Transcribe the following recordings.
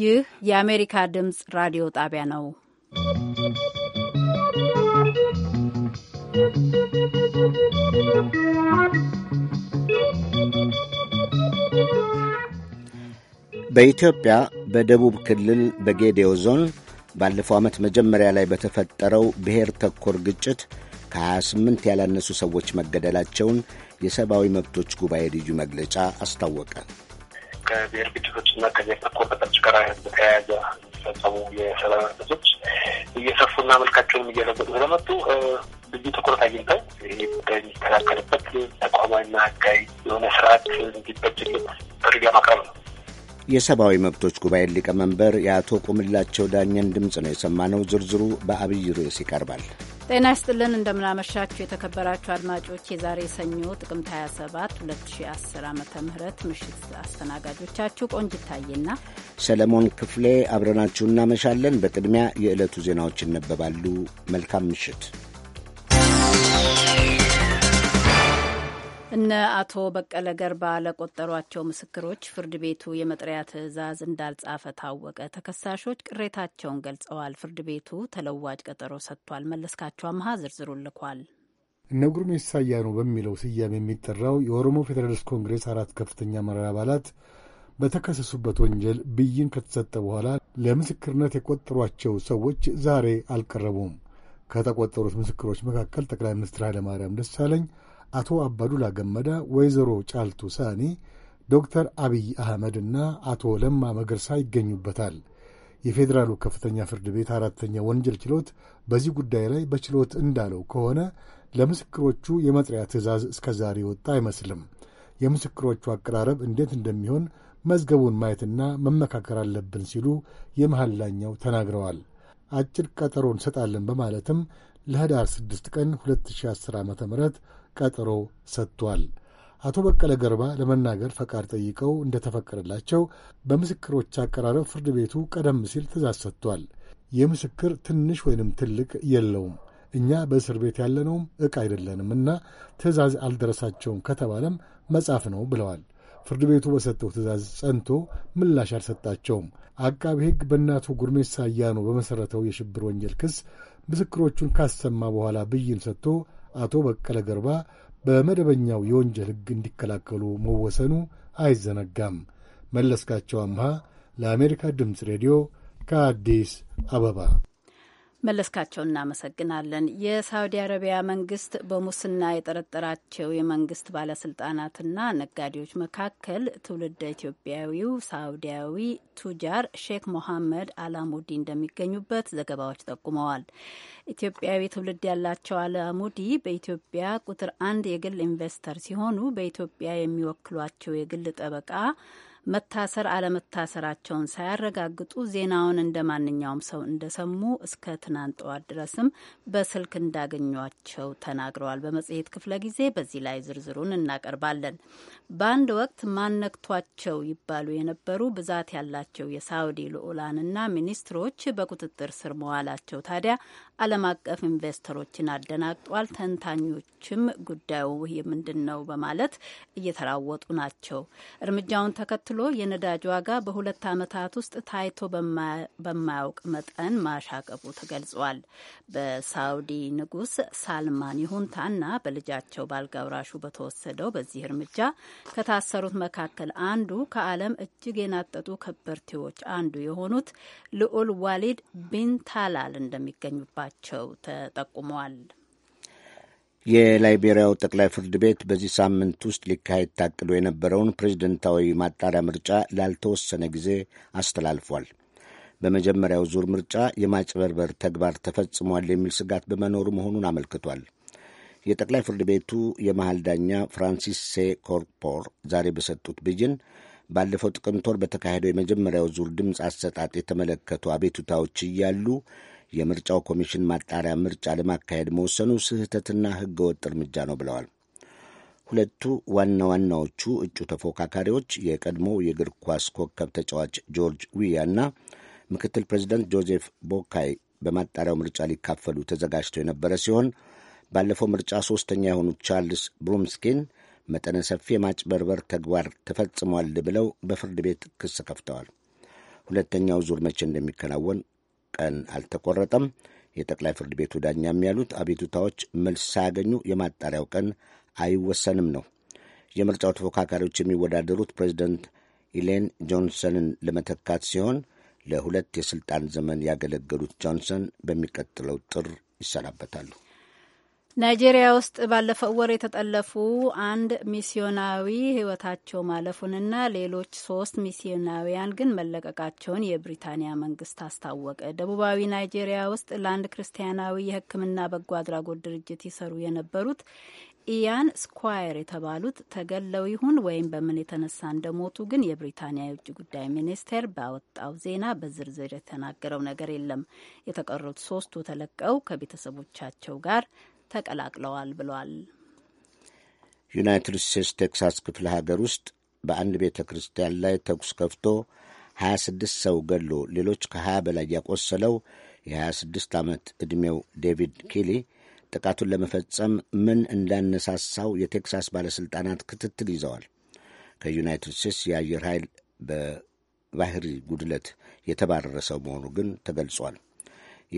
ይህ የአሜሪካ ድምፅ ራዲዮ ጣቢያ ነው። በኢትዮጵያ በደቡብ ክልል በጌዴኦ ዞን ባለፈው ዓመት መጀመሪያ ላይ በተፈጠረው ብሔር ተኮር ግጭት ከ28 ያላነሱ ሰዎች መገደላቸውን የሰብአዊ መብቶች ጉባኤ ልዩ መግለጫ አስታወቀ። ከብሔር ግጭቶች እና ከብሔር ተኮር በጠርጭ ጋር በተያያዘ የሚፈጸሙ የሰብአዊ መብቶች እየሰፉና መልካቸውንም እየለበጡ ስለመጡ ልዩ ትኩረት አግኝተው ይህ ጉዳይ የሚስተካከልበት ተቋማዊና ህጋዊ የሆነ ስርዓት እንዲበጅለት ጥሪ ለማቅረብ ነው። የሰብአዊ መብቶች ጉባኤ ሊቀመንበር የአቶ ቁምላቸው ዳኘን ድምፅ ነው የሰማነው። ዝርዝሩ በአብይ ርዕስ ይቀርባል። ጤና ይስጥልን እንደምናመሻችሁ የተከበራችሁ አድማጮች የዛሬ ሰኞ ጥቅምት 27 2010 ዓ ም ምሽት አስተናጋጆቻችሁ ቆንጅ ታዬና ሰለሞን ክፍሌ አብረናችሁ እናመሻለን። በቅድሚያ የዕለቱ ዜናዎች ይነበባሉ። መልካም ምሽት። እነ አቶ በቀለ ገርባ ለቆጠሯቸው ምስክሮች ፍርድ ቤቱ የመጥሪያ ትዕዛዝ እንዳልጻፈ ታወቀ። ተከሳሾች ቅሬታቸውን ገልጸዋል። ፍርድ ቤቱ ተለዋጭ ቀጠሮ ሰጥቷል። መለስካቸው አምሃ ዝርዝሩ ልኳል። እነ ጉርሜ ሳያኑ በሚለው ስያሜ የሚጠራው የኦሮሞ ፌዴራሊስት ኮንግሬስ አራት ከፍተኛ አመራር አባላት በተከሰሱበት ወንጀል ብይን ከተሰጠ በኋላ ለምስክርነት የቆጠሯቸው ሰዎች ዛሬ አልቀረቡም። ከተቆጠሩት ምስክሮች መካከል ጠቅላይ ሚኒስትር ኃይለማርያም ደሳለኝ አቶ አባዱላ ገመዳ፣ ወይዘሮ ጫልቱ ሳኒ፣ ዶክተር አብይ አህመድና አቶ ለማ መገርሳ ይገኙበታል። የፌዴራሉ ከፍተኛ ፍርድ ቤት አራተኛ ወንጀል ችሎት በዚህ ጉዳይ ላይ በችሎት እንዳለው ከሆነ ለምስክሮቹ የመጥሪያ ትዕዛዝ እስከ ዛሬ ወጣ አይመስልም። የምስክሮቹ አቀራረብ እንዴት እንደሚሆን መዝገቡን ማየትና መመካከር አለብን ሲሉ የመሐላኛው ተናግረዋል። አጭር ቀጠሮ እንሰጣለን በማለትም ለህዳር 6 ቀን 2010 ዓ ም ቀጠሮ ሰጥቷል። አቶ በቀለ ገርባ ለመናገር ፈቃድ ጠይቀው እንደተፈቀደላቸው በምስክሮች አቀራረብ ፍርድ ቤቱ ቀደም ሲል ትእዛዝ ሰጥቷል። የምስክር ትንሽ ወይንም ትልቅ የለውም። እኛ በእስር ቤት ያለነውም ዕቃ አይደለንም እና ትእዛዝ አልደረሳቸውም ከተባለም መጻፍ ነው ብለዋል። ፍርድ ቤቱ በሰጠው ትእዛዝ ጸንቶ ምላሽ አልሰጣቸውም። አቃቢ ሕግ በእናቱ ጉርሜሳ አያኖ በመሠረተው የሽብር ወንጀል ክስ ምስክሮቹን ካሰማ በኋላ ብይን ሰጥቶ አቶ በቀለ ገርባ በመደበኛው የወንጀል ሕግ እንዲከላከሉ መወሰኑ አይዘነጋም። መለስካቸው አምሃ ለአሜሪካ ድምፅ ሬዲዮ ከአዲስ አበባ መለስካቸው እናመሰግናለን። የሳውዲ አረቢያ መንግስት በሙስና የጠረጠራቸው የመንግስት ባለስልጣናትና ነጋዴዎች መካከል ትውልደ ኢትዮጵያዊው ሳውዲያዊ ቱጃር ሼክ ሞሐመድ አላሙዲ እንደሚገኙበት ዘገባዎች ጠቁመዋል። ኢትዮጵያዊ ትውልድ ያላቸው አላሙዲ በኢትዮጵያ ቁጥር አንድ የግል ኢንቨስተር ሲሆኑ በኢትዮጵያ የሚወክሏቸው የግል ጠበቃ መታሰር አለመታሰራቸውን ሳያረጋግጡ ዜናውን እንደ ማንኛውም ሰው እንደሰሙ እስከ ትናንት ጠዋት ድረስም በስልክ እንዳገኟቸው ተናግረዋል። በመጽሔት ክፍለ ጊዜ በዚህ ላይ ዝርዝሩን እናቀርባለን። በአንድ ወቅት ማነክቷቸው ይባሉ የነበሩ ብዛት ያላቸው የሳውዲ ልዑላንና ሚኒስትሮች በቁጥጥር ስር መዋላቸው ታዲያ ዓለም አቀፍ ኢንቨስተሮችን አደናግጧል። ተንታኞችም ጉዳዩ ይህ ምንድን ነው በማለት እየተራወጡ ናቸው። እርምጃውን ተከትሎ ተከትሎ የነዳጅ ዋጋ በሁለት ዓመታት ውስጥ ታይቶ በማያውቅ መጠን ማሻቀቡ ተገልጿል። በሳውዲ ንጉስ ሳልማን ይሁንታና በልጃቸው ባልጋውራሹ በተወሰደው በዚህ እርምጃ ከታሰሩት መካከል አንዱ ከዓለም እጅግ የናጠጡ ከበርቴዎች አንዱ የሆኑት ልዑል ዋሊድ ቢን ታላል እንደሚገኙባቸው ተጠቁመዋል። የላይቤሪያው ጠቅላይ ፍርድ ቤት በዚህ ሳምንት ውስጥ ሊካሄድ ታቅዶ የነበረውን ፕሬዝደንታዊ ማጣሪያ ምርጫ ላልተወሰነ ጊዜ አስተላልፏል። በመጀመሪያው ዙር ምርጫ የማጭበርበር ተግባር ተፈጽሟል የሚል ስጋት በመኖሩ መሆኑን አመልክቷል። የጠቅላይ ፍርድ ቤቱ የመሃል ዳኛ ፍራንሲስ ሴ ኮርፖር ዛሬ በሰጡት ብይን ባለፈው ጥቅምት ወር በተካሄደው የመጀመሪያው ዙር ድምፅ አሰጣጥ የተመለከቱ አቤቱታዎች እያሉ የምርጫው ኮሚሽን ማጣሪያ ምርጫ ለማካሄድ መወሰኑ ስህተትና ሕገወጥ እርምጃ ነው ብለዋል። ሁለቱ ዋና ዋናዎቹ እጩ ተፎካካሪዎች የቀድሞው የእግር ኳስ ኮከብ ተጫዋች ጆርጅ ዊያ እና ምክትል ፕሬዚደንት ጆዜፍ ቦካይ በማጣሪያው ምርጫ ሊካፈሉ ተዘጋጅተው የነበረ ሲሆን ባለፈው ምርጫ ሦስተኛ የሆኑት ቻርልስ ብሩምስኪን መጠነ ሰፊ የማጭበርበር ተግባር ተፈጽሟል ብለው በፍርድ ቤት ክስ ከፍተዋል። ሁለተኛው ዙር መቼ እንደሚከናወን ቀን አልተቆረጠም። የጠቅላይ ፍርድ ቤቱ ዳኛም ያሉት አቤቱታዎች መልስ ሳያገኙ የማጣሪያው ቀን አይወሰንም ነው። የምርጫው ተፎካካሪዎች የሚወዳደሩት ፕሬዚደንት ኢሌን ጆንሰንን ለመተካት ሲሆን ለሁለት የሥልጣን ዘመን ያገለገሉት ጆንሰን በሚቀጥለው ጥር ይሰናበታሉ። ናይጄሪያ ውስጥ ባለፈው ወር የተጠለፉ አንድ ሚስዮናዊ ህይወታቸው ማለፉንና ሌሎች ሶስት ሚስዮናውያን ግን መለቀቃቸውን የብሪታንያ መንግስት አስታወቀ። ደቡባዊ ናይጄሪያ ውስጥ ለአንድ ክርስቲያናዊ የሕክምና በጎ አድራጎት ድርጅት ይሰሩ የነበሩት ኢያን ስኳየር የተባሉት ተገለው ይሁን ወይም በምን የተነሳ እንደሞቱ ግን የብሪታንያ የውጭ ጉዳይ ሚኒስቴር ባወጣው ዜና በዝርዝር የተናገረው ነገር የለም። የተቀሩት ሶስቱ ተለቀው ከቤተሰቦቻቸው ጋር ተቀላቅለዋል ብለዋል። ዩናይትድ ስቴትስ ቴክሳስ ክፍለ ሀገር ውስጥ በአንድ ቤተ ክርስቲያን ላይ ተኩስ ከፍቶ 26 ሰው ገሎ ሌሎች ከ20 በላይ ያቆሰለው የ26 ዓመት ዕድሜው ዴቪድ ኪሊ ጥቃቱን ለመፈጸም ምን እንዳነሳሳው የቴክሳስ ባለሥልጣናት ክትትል ይዘዋል። ከዩናይትድ ስቴትስ የአየር ኃይል በባህሪ ጉድለት የተባረረ ሰው መሆኑ ግን ተገልጿል።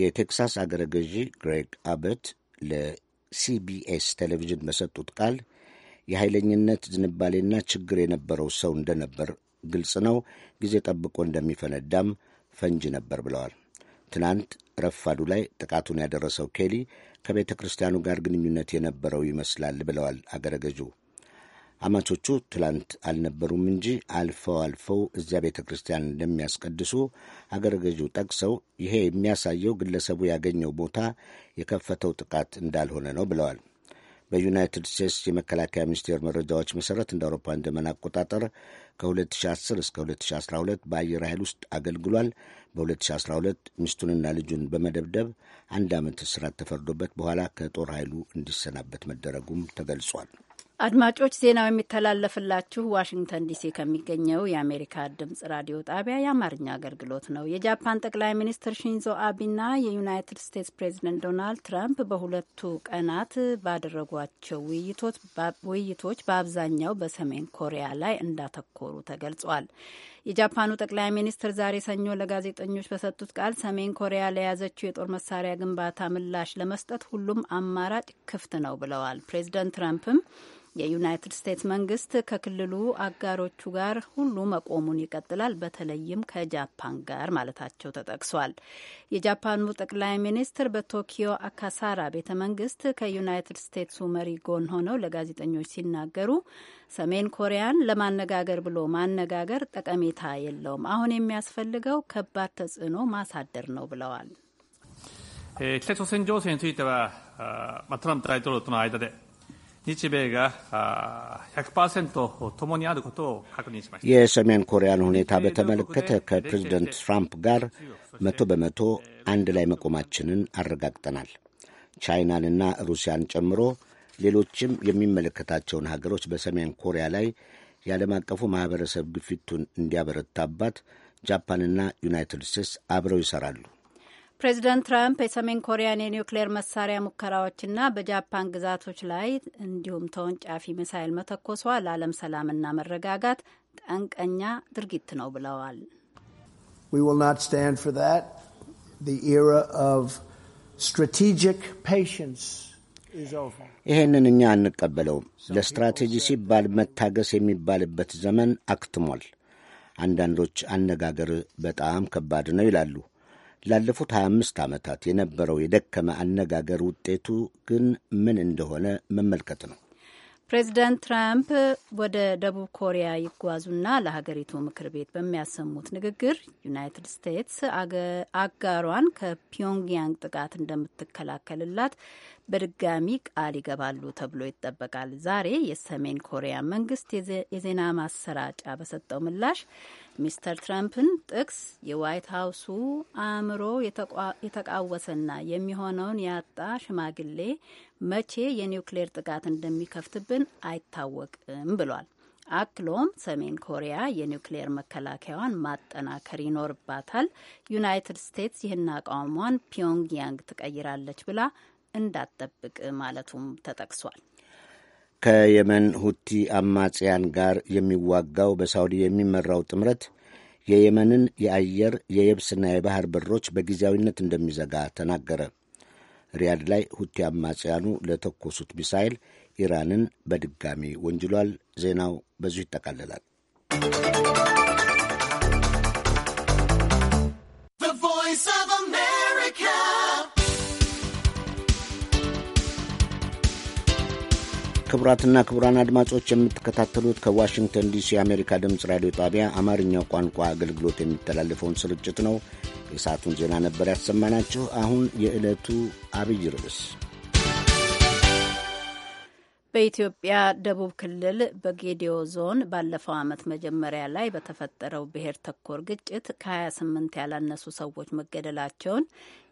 የቴክሳስ አገረ ገዢ ግሬግ አበት ለሲቢኤስ ቴሌቪዥን በሰጡት ቃል የኃይለኝነት ዝንባሌና ችግር የነበረው ሰው እንደነበር ግልጽ ነው። ጊዜ ጠብቆ እንደሚፈነዳም ፈንጅ ነበር ብለዋል። ትናንት ረፋዱ ላይ ጥቃቱን ያደረሰው ኬሊ ከቤተ ክርስቲያኑ ጋር ግንኙነት የነበረው ይመስላል ብለዋል አገረ ገዢው። አማቾቹ ትላንት አልነበሩም እንጂ አልፈው አልፈው እዚያ ቤተ ክርስቲያን እንደሚያስቀድሱ አገረ ገዢው ጠቅሰው ይሄ የሚያሳየው ግለሰቡ ያገኘው ቦታ የከፈተው ጥቃት እንዳልሆነ ነው ብለዋል። በዩናይትድ ስቴትስ የመከላከያ ሚኒስቴር መረጃዎች መሠረት እንደ አውሮፓውያን ዘመን አቆጣጠር ከ2010 እስከ 2012 በአየር ኃይል ውስጥ አገልግሏል። በ2012 ሚስቱንና ልጁን በመደብደብ አንድ ዓመት እስራት ተፈርዶበት በኋላ ከጦር ኃይሉ እንዲሰናበት መደረጉም ተገልጿል። አድማጮች ዜናው የሚተላለፍላችሁ ዋሽንግተን ዲሲ ከሚገኘው የአሜሪካ ድምጽ ራዲዮ ጣቢያ የአማርኛ አገልግሎት ነው። የጃፓን ጠቅላይ ሚኒስትር ሺንዞ አቢና የዩናይትድ ስቴትስ ፕሬዚደንት ዶናልድ ትራምፕ በሁለቱ ቀናት ባደረጓቸው ውይይቶች በአብዛኛው በሰሜን ኮሪያ ላይ እንዳተኮሩ ተገልጿል። የጃፓኑ ጠቅላይ ሚኒስትር ዛሬ ሰኞ ለጋዜጠኞች በሰጡት ቃል ሰሜን ኮሪያ ለያዘችው የጦር መሳሪያ ግንባታ ምላሽ ለመስጠት ሁሉም አማራጭ ክፍት ነው ብለዋል። ፕሬዚደንት ትራምፕም የዩናይትድ ስቴትስ መንግስት ከክልሉ አጋሮቹ ጋር ሁሉ መቆሙን ይቀጥላል፣ በተለይም ከጃፓን ጋር ማለታቸው ተጠቅሷል። የጃፓኑ ጠቅላይ ሚኒስትር በቶኪዮ አካሳራ ቤተ መንግስት ከዩናይትድ ስቴትሱ መሪ ጎን ሆነው ለጋዜጠኞች ሲናገሩ ሰሜን ኮሪያን ለማነጋገር ብሎ ማነጋገር ጠቀሜታ የለውም፣ አሁን የሚያስፈልገው ከባድ ተጽዕኖ ማሳደር ነው ብለዋል። 日米が ኮሪያን ሁኔታ በተመለከተ ከፕሬዚደንት ትራምፕ ጋር መቶ በመቶ አንድ ላይ መቆማችንን አረጋግጠናል። ቻይናንና ሩሲያን ጨምሮ ሌሎችም የሚመለከታቸውን ሀገሮች በሰሜን ኮሪያ ላይ የዓለም አቀፉ ማኅበረሰብ ግፊቱን እንዲያበረታባት ጃፓንና ዩናይትድ ስቴትስ አብረው ይሠራሉ። ፕሬዚደንት ትራምፕ የሰሜን ኮሪያን የኒውክሌር መሳሪያ ሙከራዎችና በጃፓን ግዛቶች ላይ እንዲሁም ተወንጫፊ ሚሳይል መተኮሷ ለዓለም ሰላምና መረጋጋት ጠንቀኛ ድርጊት ነው ብለዋል። ይህንን እኛ አንቀበለውም። ለስትራቴጂ ሲባል መታገስ የሚባልበት ዘመን አክትሟል። አንዳንዶች አነጋገር በጣም ከባድ ነው ይላሉ። ላለፉት 25 ዓመታት የነበረው የደከመ አነጋገር ውጤቱ ግን ምን እንደሆነ መመልከት ነው። ፕሬዚዳንት ትራምፕ ወደ ደቡብ ኮሪያ ይጓዙና ለሀገሪቱ ምክር ቤት በሚያሰሙት ንግግር ዩናይትድ ስቴትስ አጋሯን ከፒዮንግያንግ ጥቃት እንደምትከላከልላት በድጋሚ ቃል ይገባሉ ተብሎ ይጠበቃል። ዛሬ የሰሜን ኮሪያ መንግስት የዜና ማሰራጫ በሰጠው ምላሽ ሚስተር ትራምፕን ጥቅስ የዋይት ሀውሱ አእምሮ የተቃወሰና የሚሆነውን ያጣ ሽማግሌ መቼ የኒውክሌር ጥቃት እንደሚከፍትብን አይታወቅም ብሏል። አክሎም ሰሜን ኮሪያ የኒውክሌር መከላከያዋን ማጠናከር ይኖርባታል፣ ዩናይትድ ስቴትስ ይህን አቋሟን ፒዮንግያንግ ትቀይራለች ብላ እንዳትጠብቅ ማለቱም ተጠቅሷል። ከየመን ሁቲ አማጽያን ጋር የሚዋጋው በሳውዲ የሚመራው ጥምረት የየመንን የአየር የየብስና የባህር በሮች በጊዜያዊነት እንደሚዘጋ ተናገረ። ሪያድ ላይ ሁቲ አማጽያኑ ለተኮሱት ሚሳይል ኢራንን በድጋሚ ወንጅሏል። ዜናው በዚሁ ይጠቃልላል። ክቡራትና ክቡራን አድማጮች የምትከታተሉት ከዋሽንግተን ዲሲ የአሜሪካ ድምፅ ራዲዮ ጣቢያ አማርኛው ቋንቋ አገልግሎት የሚተላለፈውን ስርጭት ነው። የሰዓቱን ዜና ነበር ያሰማናችሁ። አሁን የዕለቱ አብይ ርዕስ በኢትዮጵያ ደቡብ ክልል በጌዲዮ ዞን ባለፈው ዓመት መጀመሪያ ላይ በተፈጠረው ብሔር ተኮር ግጭት ከ28 ያላነሱ ሰዎች መገደላቸውን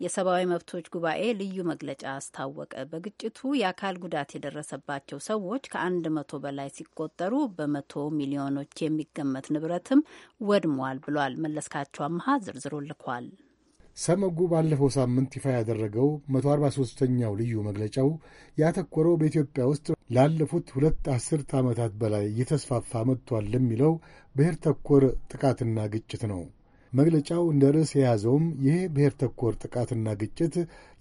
የሰብአዊ መብቶች ጉባኤ ልዩ መግለጫ አስታወቀ። በግጭቱ የአካል ጉዳት የደረሰባቸው ሰዎች ከአንድ መቶ በላይ ሲቆጠሩ በመቶ ሚሊዮኖች የሚገመት ንብረትም ወድሟል ብሏል። መለስካቸው አምሃ ዝርዝሩ ልኳል። ሰመጉ ባለፈው ሳምንት ይፋ ያደረገው 143ኛው ልዩ መግለጫው ያተኮረው በኢትዮጵያ ውስጥ ላለፉት ሁለት አስርት ዓመታት በላይ እየተስፋፋ መጥቷል ለሚለው ብሔር ተኮር ጥቃትና ግጭት ነው። መግለጫው እንደ ርዕስ የያዘውም ይህ ብሔር ተኮር ጥቃትና ግጭት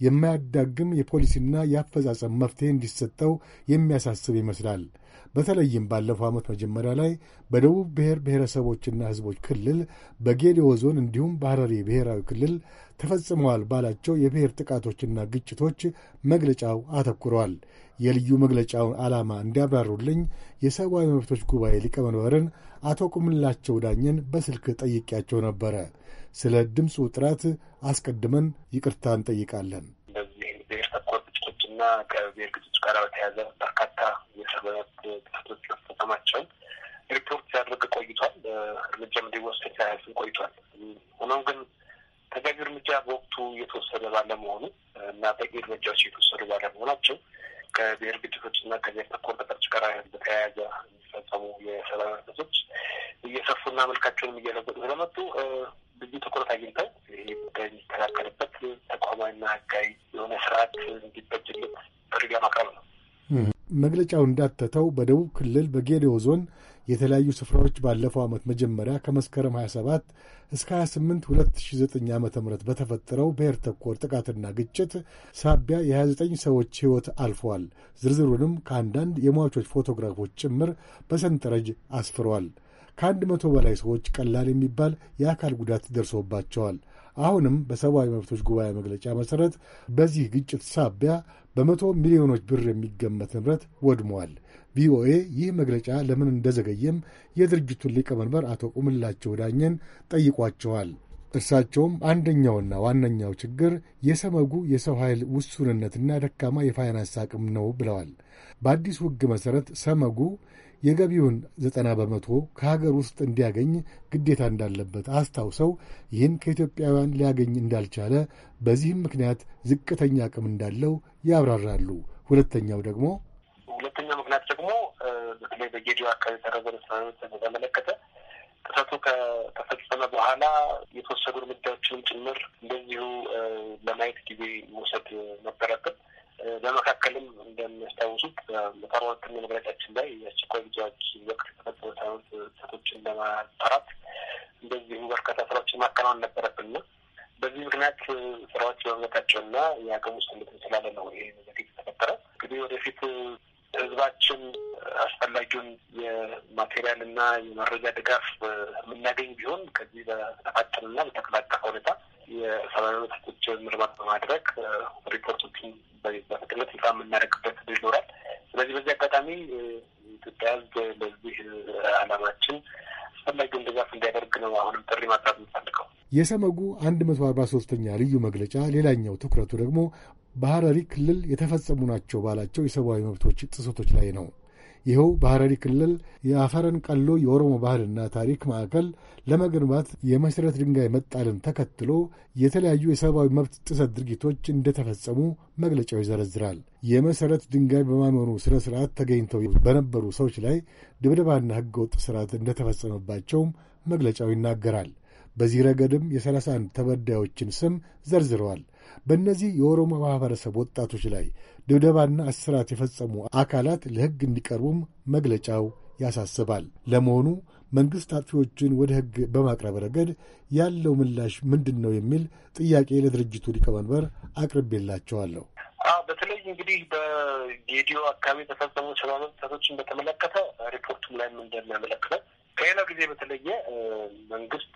የማያዳግም የፖሊሲና የአፈጻጸም መፍትሄ እንዲሰጠው የሚያሳስብ ይመስላል። በተለይም ባለፈው ዓመት መጀመሪያ ላይ በደቡብ ብሔር ብሔረሰቦችና ሕዝቦች ክልል በጌዲዮ ዞን እንዲሁም በሐረሪ ብሔራዊ ክልል ተፈጽመዋል ባላቸው የብሔር ጥቃቶችና ግጭቶች መግለጫው አተኩረዋል። የልዩ መግለጫውን ዓላማ እንዲያብራሩልኝ የሰብአዊ መብቶች ጉባኤ ሊቀመንበርን አቶ ቁምላቸው ዳኘን በስልክ ጠይቄያቸው ነበረ። ስለ ድምፁ ጥራት አስቀድመን ይቅርታ እንጠይቃለን። እና ከብሔር ግጭቶች ጋር በተያያዘ በርካታ የሰብአዊ መብት ጥሰቶች መፈጸማቸውን ሪፖርት ሲያደርግ ቆይቷል። እርምጃም እንዲወሰድ ሳያስብ ቆይቷል። ሆኖም ግን ተገቢ እርምጃ በወቅቱ እየተወሰደ ባለመሆኑ እና በቂ እርምጃዎች እየተወሰዱ ባለመሆናቸው ከብሔር ግጭቶች እና ከብሔር ተኮር ከጠርጭ ጋር በተያያዘ የሚፈጸሙ የሰብአዊ መብቶች እየሰፉና መልካቸውንም እየለወጡ ስለመጡ ብዙ ትኩረት አግኝተው ይህ ጉዳይ የሚስተካከልበት ተቋማዊና ህጋዊ የሆነ ስርዓት እንዲበጅለት ርጋ ማቅረብ ነው። መግለጫው እንዳተተው በደቡብ ክልል በጌዴኦ ዞን የተለያዩ ስፍራዎች ባለፈው ዓመት መጀመሪያ ከመስከረም 27 እስከ 28 2009 ዓ ም በተፈጠረው ብሔር ተኮር ጥቃትና ግጭት ሳቢያ የ29 ሰዎች ሕይወት አልፈዋል። ዝርዝሩንም ከአንዳንድ የሟቾች ፎቶግራፎች ጭምር በሰንጠረዥ አስፍረዋል። ከአንድ መቶ በላይ ሰዎች ቀላል የሚባል የአካል ጉዳት ደርሶባቸዋል። አሁንም በሰብአዊ መብቶች ጉባኤ መግለጫ መሠረት በዚህ ግጭት ሳቢያ በመቶ ሚሊዮኖች ብር የሚገመት ንብረት ወድሟል። ቪኦኤ ይህ መግለጫ ለምን እንደዘገየም የድርጅቱን ሊቀመንበር አቶ ቁምላቸው ዳኘን ጠይቋቸዋል። እርሳቸውም አንደኛውና ዋነኛው ችግር የሰመጉ የሰው ኃይል ውሱንነትና ደካማ የፋይናንስ አቅም ነው ብለዋል። በአዲሱ ሕግ መሠረት ሰመጉ የገቢውን ዘጠና በመቶ ከሀገር ውስጥ እንዲያገኝ ግዴታ እንዳለበት አስታውሰው ይህን ከኢትዮጵያውያን ሊያገኝ እንዳልቻለ በዚህም ምክንያት ዝቅተኛ አቅም እንዳለው ያብራራሉ። ሁለተኛው ደግሞ ምክንያት ደግሞ በተለይ በጌዲዮ አካባቢ የተደረገ ስራዎች በተመለከተ ጥሰቱ ከተፈጸመ በኋላ የተወሰዱ እርምጃዎችንም ጭምር እንደዚሁ ለማየት ጊዜ መውሰድ ነበረብን። በመካከልም እንደሚያስታውሱት በመጠሮ ወቅት መግለጫችን ላይ የአስቸኳይ ጊዜዎች ወቅት የተፈጸሙ ሳይሆን ጥሰቶችን ለማጣራት እንደዚሁ በርካታ ስራዎችን ማከናወን ነበረብን ነው። በዚህ ምክንያት ስራዎች በመመታቸው በእምነታቸውና የአቅም ውስጥ ስላለ ነው ይህ ነገር የተፈጠረ። እንግዲህ ወደፊት ህዝባችን አስፈላጊውን የማቴሪያል እና የመረጃ ድጋፍ የምናገኝ ቢሆን ከዚህ በተፋጠነና በተቀላጠፈ ሁኔታ የሰብአዊ መብቶች ምርመራ በማድረግ ሪፖርቶችን በፍጥነት ይፋ የምናደርግበት ይኖራል። ስለዚህ በዚህ አጋጣሚ ኢትዮጵያ ህዝብ ለዚህ አላማችን አስፈላጊውን ድጋፍ እንዲያደርግ ነው አሁንም ጥሪ ማቅረብ የምፈልገው። የሰመጉ አንድ መቶ አርባ ሶስተኛ ልዩ መግለጫ ሌላኛው ትኩረቱ ደግሞ በሐረሪ ክልል የተፈጸሙ ናቸው ባላቸው የሰብአዊ መብቶች ጥሰቶች ላይ ነው። ይኸው በሐረሪ ክልል የአፈረን ቀሎ የኦሮሞ ባህልና ታሪክ ማዕከል ለመገንባት የመሠረት ድንጋይ መጣልን ተከትሎ የተለያዩ የሰብአዊ መብት ጥሰት ድርጊቶች እንደተፈጸሙ መግለጫው ይዘረዝራል። የመሠረት ድንጋይ በማኖኑ ሥነ ሥርዓት ተገኝተው በነበሩ ሰዎች ላይ ድብደባና ሕገወጥ ሥርዓት እንደተፈጸመባቸውም መግለጫው ይናገራል። በዚህ ረገድም የሰላሳ አንድ ተበዳዮችን ስም ዘርዝረዋል። በእነዚህ የኦሮሞ ማህበረሰብ ወጣቶች ላይ ድብደባና እስራት የፈጸሙ አካላት ለሕግ እንዲቀርቡም መግለጫው ያሳስባል። ለመሆኑ መንግሥት አጥፊዎችን ወደ ሕግ በማቅረብ ረገድ ያለው ምላሽ ምንድን ነው የሚል ጥያቄ ለድርጅቱ ሊቀመንበር አቅርቤላቸዋለሁ። በተለይ እንግዲህ በጌዲዮ አካባቢ የተፈጸሙ ሰብዓዊ ጥሰቶችን በተመለከተ ሪፖርቱም ላይም እንደሚያመለክተው ከሌላው ጊዜ በተለየ መንግስት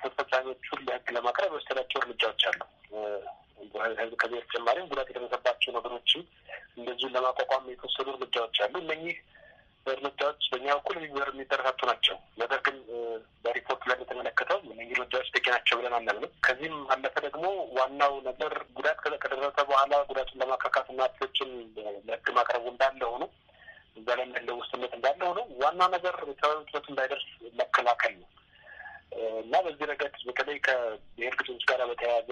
ተፈጻሚዎቹን ለህግ ለማቅረብ የወሰዳቸው እርምጃዎች አሉ። ህዝብ ከዚህ በተጨማሪም ጉዳት የደረሰባቸው ነገሮችም እንደዚሁን ለማቋቋም የተወሰዱ እርምጃዎች አሉ። እነኚህ እርምጃዎች በእኛ በኩል የሚበር የሚበረታቱ ናቸው። ነገር ግን በሪፖርት ላይ የተመለከተው እነዚህ እርምጃዎች በቂ ናቸው ብለን አናምንም። ከዚህም አለፈ ደግሞ ዋናው ነገር ጉዳት ከደረሰ በኋላ ጉዳቱን ለማካካት እና ቶችን ለህግ ማቅረቡ እንዳለ ሆኖ እዛ ላይ ያለው ውስንነት እንዳለ ሆኖ ዋና ነገር ተበብቶት እንዳይደርስ መከላከል ነው። እና በዚህ ረገድ በተለይ ከብሔር ግጭቶች ጋር በተያያዘ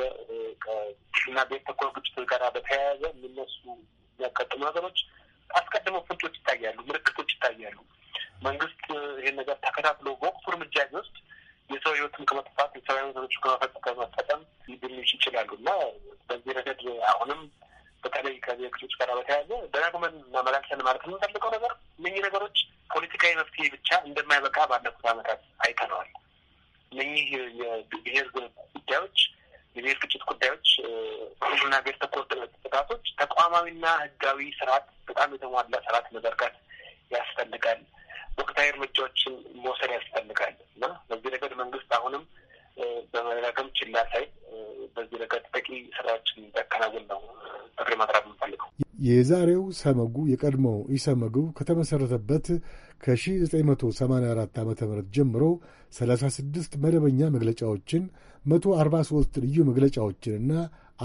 እና ቤት ተኮር ግጭቶች ጋር በተያያዘ የሚነሱ የሚያጋጥሙ ነገሮች አስቀድሞ ፍንጮች ይታያሉ፣ ምልክቶች ይታያሉ። መንግስት ይህን ነገር ተከታትሎ በወቅቱ እርምጃ ቢወስድ የሰው ህይወትም ከመጥፋት የሰው ህይወቶች ከመፈጠም ሊድንሽ ይችላሉ እና በዚህ ረገድ አሁንም በተለይ ከዚህ ግጭቶች ጋር በተያያዘ ደጋግመን እናመላልሰን ማለት የምንፈልገው ነገር እነኚህ ነገሮች ፖለቲካዊ መፍትሄ ብቻ እንደማይበቃ ባለፉት ዓመታት አይተነዋል። ለእኚህ የብሔር ጉዳዮች የብሔር ግጭት ጉዳዮች ሁሉና ብሔር ተኮር ጥቃቶች ተቋማዊና ህጋዊ ስርዓት በጣም የተሟላ ስርዓት መዘርጋት ያስፈልጋል። ወቅታዊ እርምጃዎችን መውሰድ ያስፈልጋል እና በዚህ ረገድ መንግስት አሁንም በመረጋገም ችላ ሳይ በዚህ ረገድ በቂ ስራዎችን እንዲያከናውን ነው ጥሪ ማቅረብ የምፈልገው። የዛሬው ሰመጉ የቀድሞ ኢሰመጉ ከተመሰረተበት ከ1984 ዓ ም ጀምሮ 36 መደበኛ መግለጫዎችን 143 ልዩ መግለጫዎችንና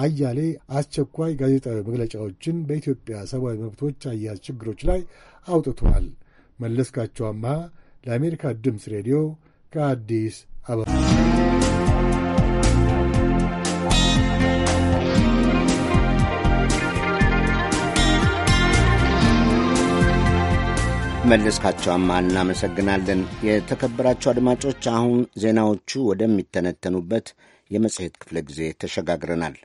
አያሌ አስቸኳይ ጋዜጣዊ መግለጫዎችን በኢትዮጵያ ሰብአዊ መብቶች አያያዝ ችግሮች ላይ አውጥቷል። መለስካቸው አምሃ ለአሜሪካ ድምፅ ሬዲዮ ከአዲስ አበባ መለስካቸው አማ እናመሰግናለን። የተከበራቸው አድማጮች አሁን ዜናዎቹ ወደሚተነተኑበት የመጽሔት ክፍለ ጊዜ ተሸጋግረናል።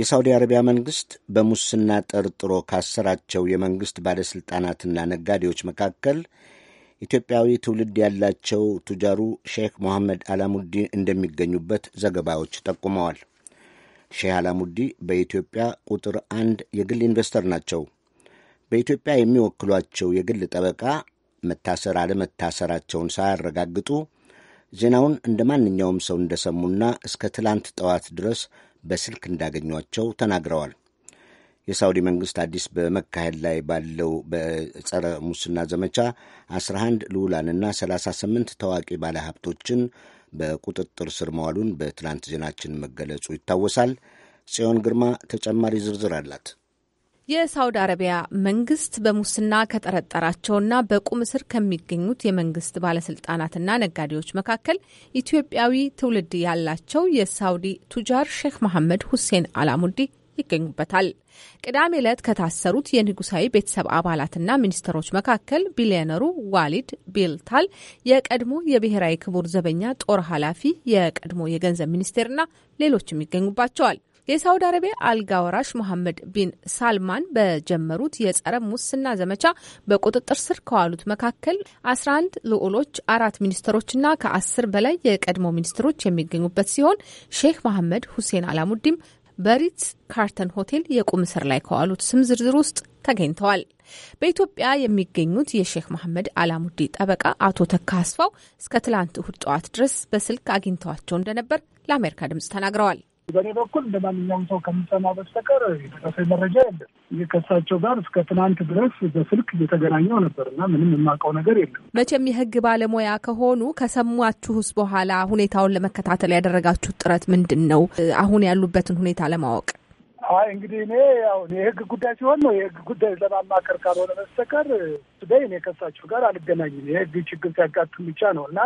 የሳውዲ አረቢያ መንግሥት በሙስና ጠርጥሮ ካሰራቸው የመንግሥት ባለሥልጣናትና ነጋዴዎች መካከል ኢትዮጵያዊ ትውልድ ያላቸው ቱጃሩ ሼክ ሞሐመድ አላሙዲ እንደሚገኙበት ዘገባዎች ጠቁመዋል። ሼህ አላሙዲ በኢትዮጵያ ቁጥር አንድ የግል ኢንቨስተር ናቸው። በኢትዮጵያ የሚወክሏቸው የግል ጠበቃ መታሰር አለመታሰራቸውን ሳያረጋግጡ ዜናውን እንደ ማንኛውም ሰው እንደሰሙና እስከ ትላንት ጠዋት ድረስ በስልክ እንዳገኟቸው ተናግረዋል። የሳውዲ መንግሥት አዲስ በመካሄድ ላይ ባለው በጸረ ሙስና ዘመቻ 11 ልዑላንና 38 ታዋቂ ባለሀብቶችን በቁጥጥር ስር መዋሉን በትላንት ዜናችን መገለጹ ይታወሳል። ጽዮን ግርማ ተጨማሪ ዝርዝር አላት። የሳውዲ አረቢያ መንግስት በሙስና ከጠረጠራቸውና በቁም እስር ከሚገኙት የመንግስት ባለስልጣናትና ነጋዴዎች መካከል ኢትዮጵያዊ ትውልድ ያላቸው የሳውዲ ቱጃር ሼክ መሐመድ ሁሴን አላሙዲ ይገኙበታል። ቅዳሜ ዕለት ከታሰሩት የንጉሳዊ ቤተሰብ አባላትና ሚኒስትሮች መካከል ቢሊዮነሩ ዋሊድ ቢልታል፣ የቀድሞ የብሔራዊ ክቡር ዘበኛ ጦር ኃላፊ፣ የቀድሞ የገንዘብ ሚኒስቴርና ሌሎችም ይገኙባቸዋል። የሳውዲ አረቢያ አልጋ ወራሽ ሞሐመድ ቢን ሳልማን በጀመሩት የጸረ ሙስና ዘመቻ በቁጥጥር ስር ከዋሉት መካከል 11 ልዑሎች፣ አራት ሚኒስትሮችና ከአስር በላይ የቀድሞ ሚኒስትሮች የሚገኙበት ሲሆን ሼክ መሐመድ ሁሴን አላሙዲም በሪት ካርተን ሆቴል የቁም ስር ላይ ከዋሉት ስም ዝርዝር ውስጥ ተገኝተዋል። በኢትዮጵያ የሚገኙት የሼክ መሐመድ አላሙዲ ጠበቃ አቶ ተካ አስፋው እስከ ትላንት እሁድ ጠዋት ድረስ በስልክ አግኝተዋቸው እንደነበር ለአሜሪካ ድምጽ ተናግረዋል። በእኔ በኩል እንደ ማንኛውም ሰው ከምሰማ በስተቀር የደረሰ መረጃ የለም። ከእሳቸው ጋር እስከ ትናንት ድረስ በስልክ እየተገናኘው ነበር እና ምንም የማውቀው ነገር የለም። መቼም የህግ ባለሙያ ከሆኑ ከሰሟችሁስ በኋላ ሁኔታውን ለመከታተል ያደረጋችሁ ጥረት ምንድን ነው? አሁን ያሉበትን ሁኔታ ለማወቅ አይ እንግዲህ እኔ ያው የህግ ጉዳይ ሲሆን ነው የህግ ጉዳይ ለማማከር ካልሆነ በስተቀር ስደይ እኔ ከእሳቸው ጋር አልገናኝም። የህግ ችግር ሲያጋጥም ብቻ ነው እና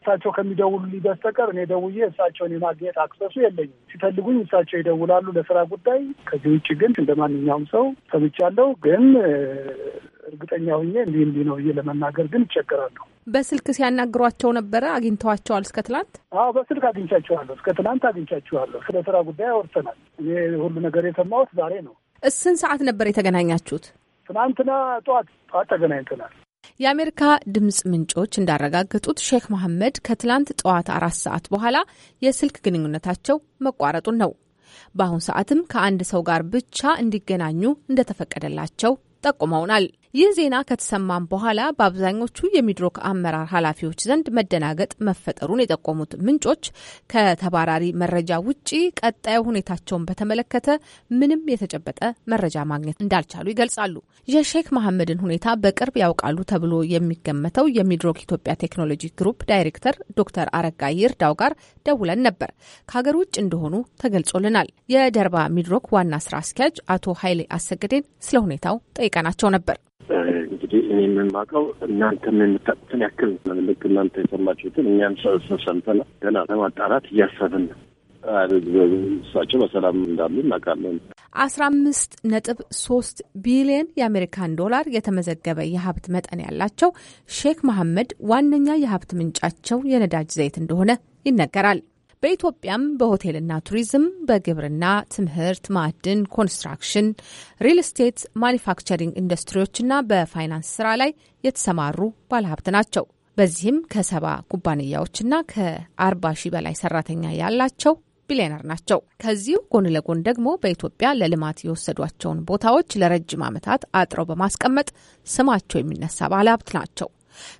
እሳቸው ከሚደውሉልኝ በስተቀር እኔ ደውዬ እሳቸውን የማግኘት አክሰሱ የለኝም። ሲፈልጉኝ እሳቸው ይደውላሉ ለስራ ጉዳይ። ከዚህ ውጭ ግን እንደ ማንኛውም ሰው ሰምቻለሁ፣ ግን እርግጠኛ ሁኜ እንዲህ እንዲህ ነው ብዬ ለመናገር ግን ይቸገራለሁ። በስልክ ሲያናግሯቸው ነበረ? አግኝተዋቸዋል? እስከ ትናንት? አዎ በስልክ አግኝቻችኋለሁ። እስከ ትናንት አግኝቻችኋለሁ። ስለ ስራ ጉዳይ አወርተናል። እኔ ሁሉ ነገር የሰማሁት ዛሬ ነው። ስንት ሰዓት ነበር የተገናኛችሁት? ትናንትና ጠዋት ጠዋት ተገናኝተናል። የአሜሪካ ድምፅ ምንጮች እንዳረጋገጡት ሼክ መሐመድ ከትላንት ጠዋት አራት ሰዓት በኋላ የስልክ ግንኙነታቸው መቋረጡን ነው። በአሁን ሰዓትም ከአንድ ሰው ጋር ብቻ እንዲገናኙ እንደተፈቀደላቸው ጠቁመውናል። ይህ ዜና ከተሰማም በኋላ በአብዛኞቹ የሚድሮክ አመራር ኃላፊዎች ዘንድ መደናገጥ መፈጠሩን የጠቆሙት ምንጮች ከተባራሪ መረጃ ውጪ ቀጣዩ ሁኔታቸውን በተመለከተ ምንም የተጨበጠ መረጃ ማግኘት እንዳልቻሉ ይገልጻሉ። የሼክ መሐመድን ሁኔታ በቅርብ ያውቃሉ ተብሎ የሚገመተው የሚድሮክ ኢትዮጵያ ቴክኖሎጂ ግሩፕ ዳይሬክተር ዶክተር አረጋ ይርዳው ጋር ደውለን ነበር። ከሀገር ውጭ እንደሆኑ ተገልጾልናል። የደርባ ሚድሮክ ዋና ስራ አስኪያጅ አቶ ኃይሌ አሰገዴን ስለ ሁኔታው ጠይቀናቸው ነበር። እንግዲህ እኔ የምንማቀው እናንተም የምታቁትን ያክል ልክ እናንተ የሰማችሁትን እኛም ሰምተን ገና ለማጣራት እያሰብን እሳቸው በሰላም እንዳሉ እናውቃለን። አስራ አምስት ነጥብ ሶስት ቢሊየን የአሜሪካን ዶላር የተመዘገበ የሀብት መጠን ያላቸው ሼክ መሐመድ ዋነኛ የሀብት ምንጫቸው የነዳጅ ዘይት እንደሆነ ይነገራል። በኢትዮጵያም በሆቴልና ቱሪዝም፣ በግብርና፣ ትምህርት፣ ማዕድን፣ ኮንስትራክሽን፣ ሪል ስቴት፣ ማኒፋክቸሪንግ ኢንዱስትሪዎችና በፋይናንስ ስራ ላይ የተሰማሩ ባለሀብት ናቸው። በዚህም ከሰባ ኩባንያዎችና ከአርባ ሺህ በላይ ሰራተኛ ያላቸው ቢሊዮነር ናቸው። ከዚሁ ጎን ለጎን ደግሞ በኢትዮጵያ ለልማት የወሰዷቸውን ቦታዎች ለረጅም ዓመታት አጥረው በማስቀመጥ ስማቸው የሚነሳ ባለሀብት ናቸው።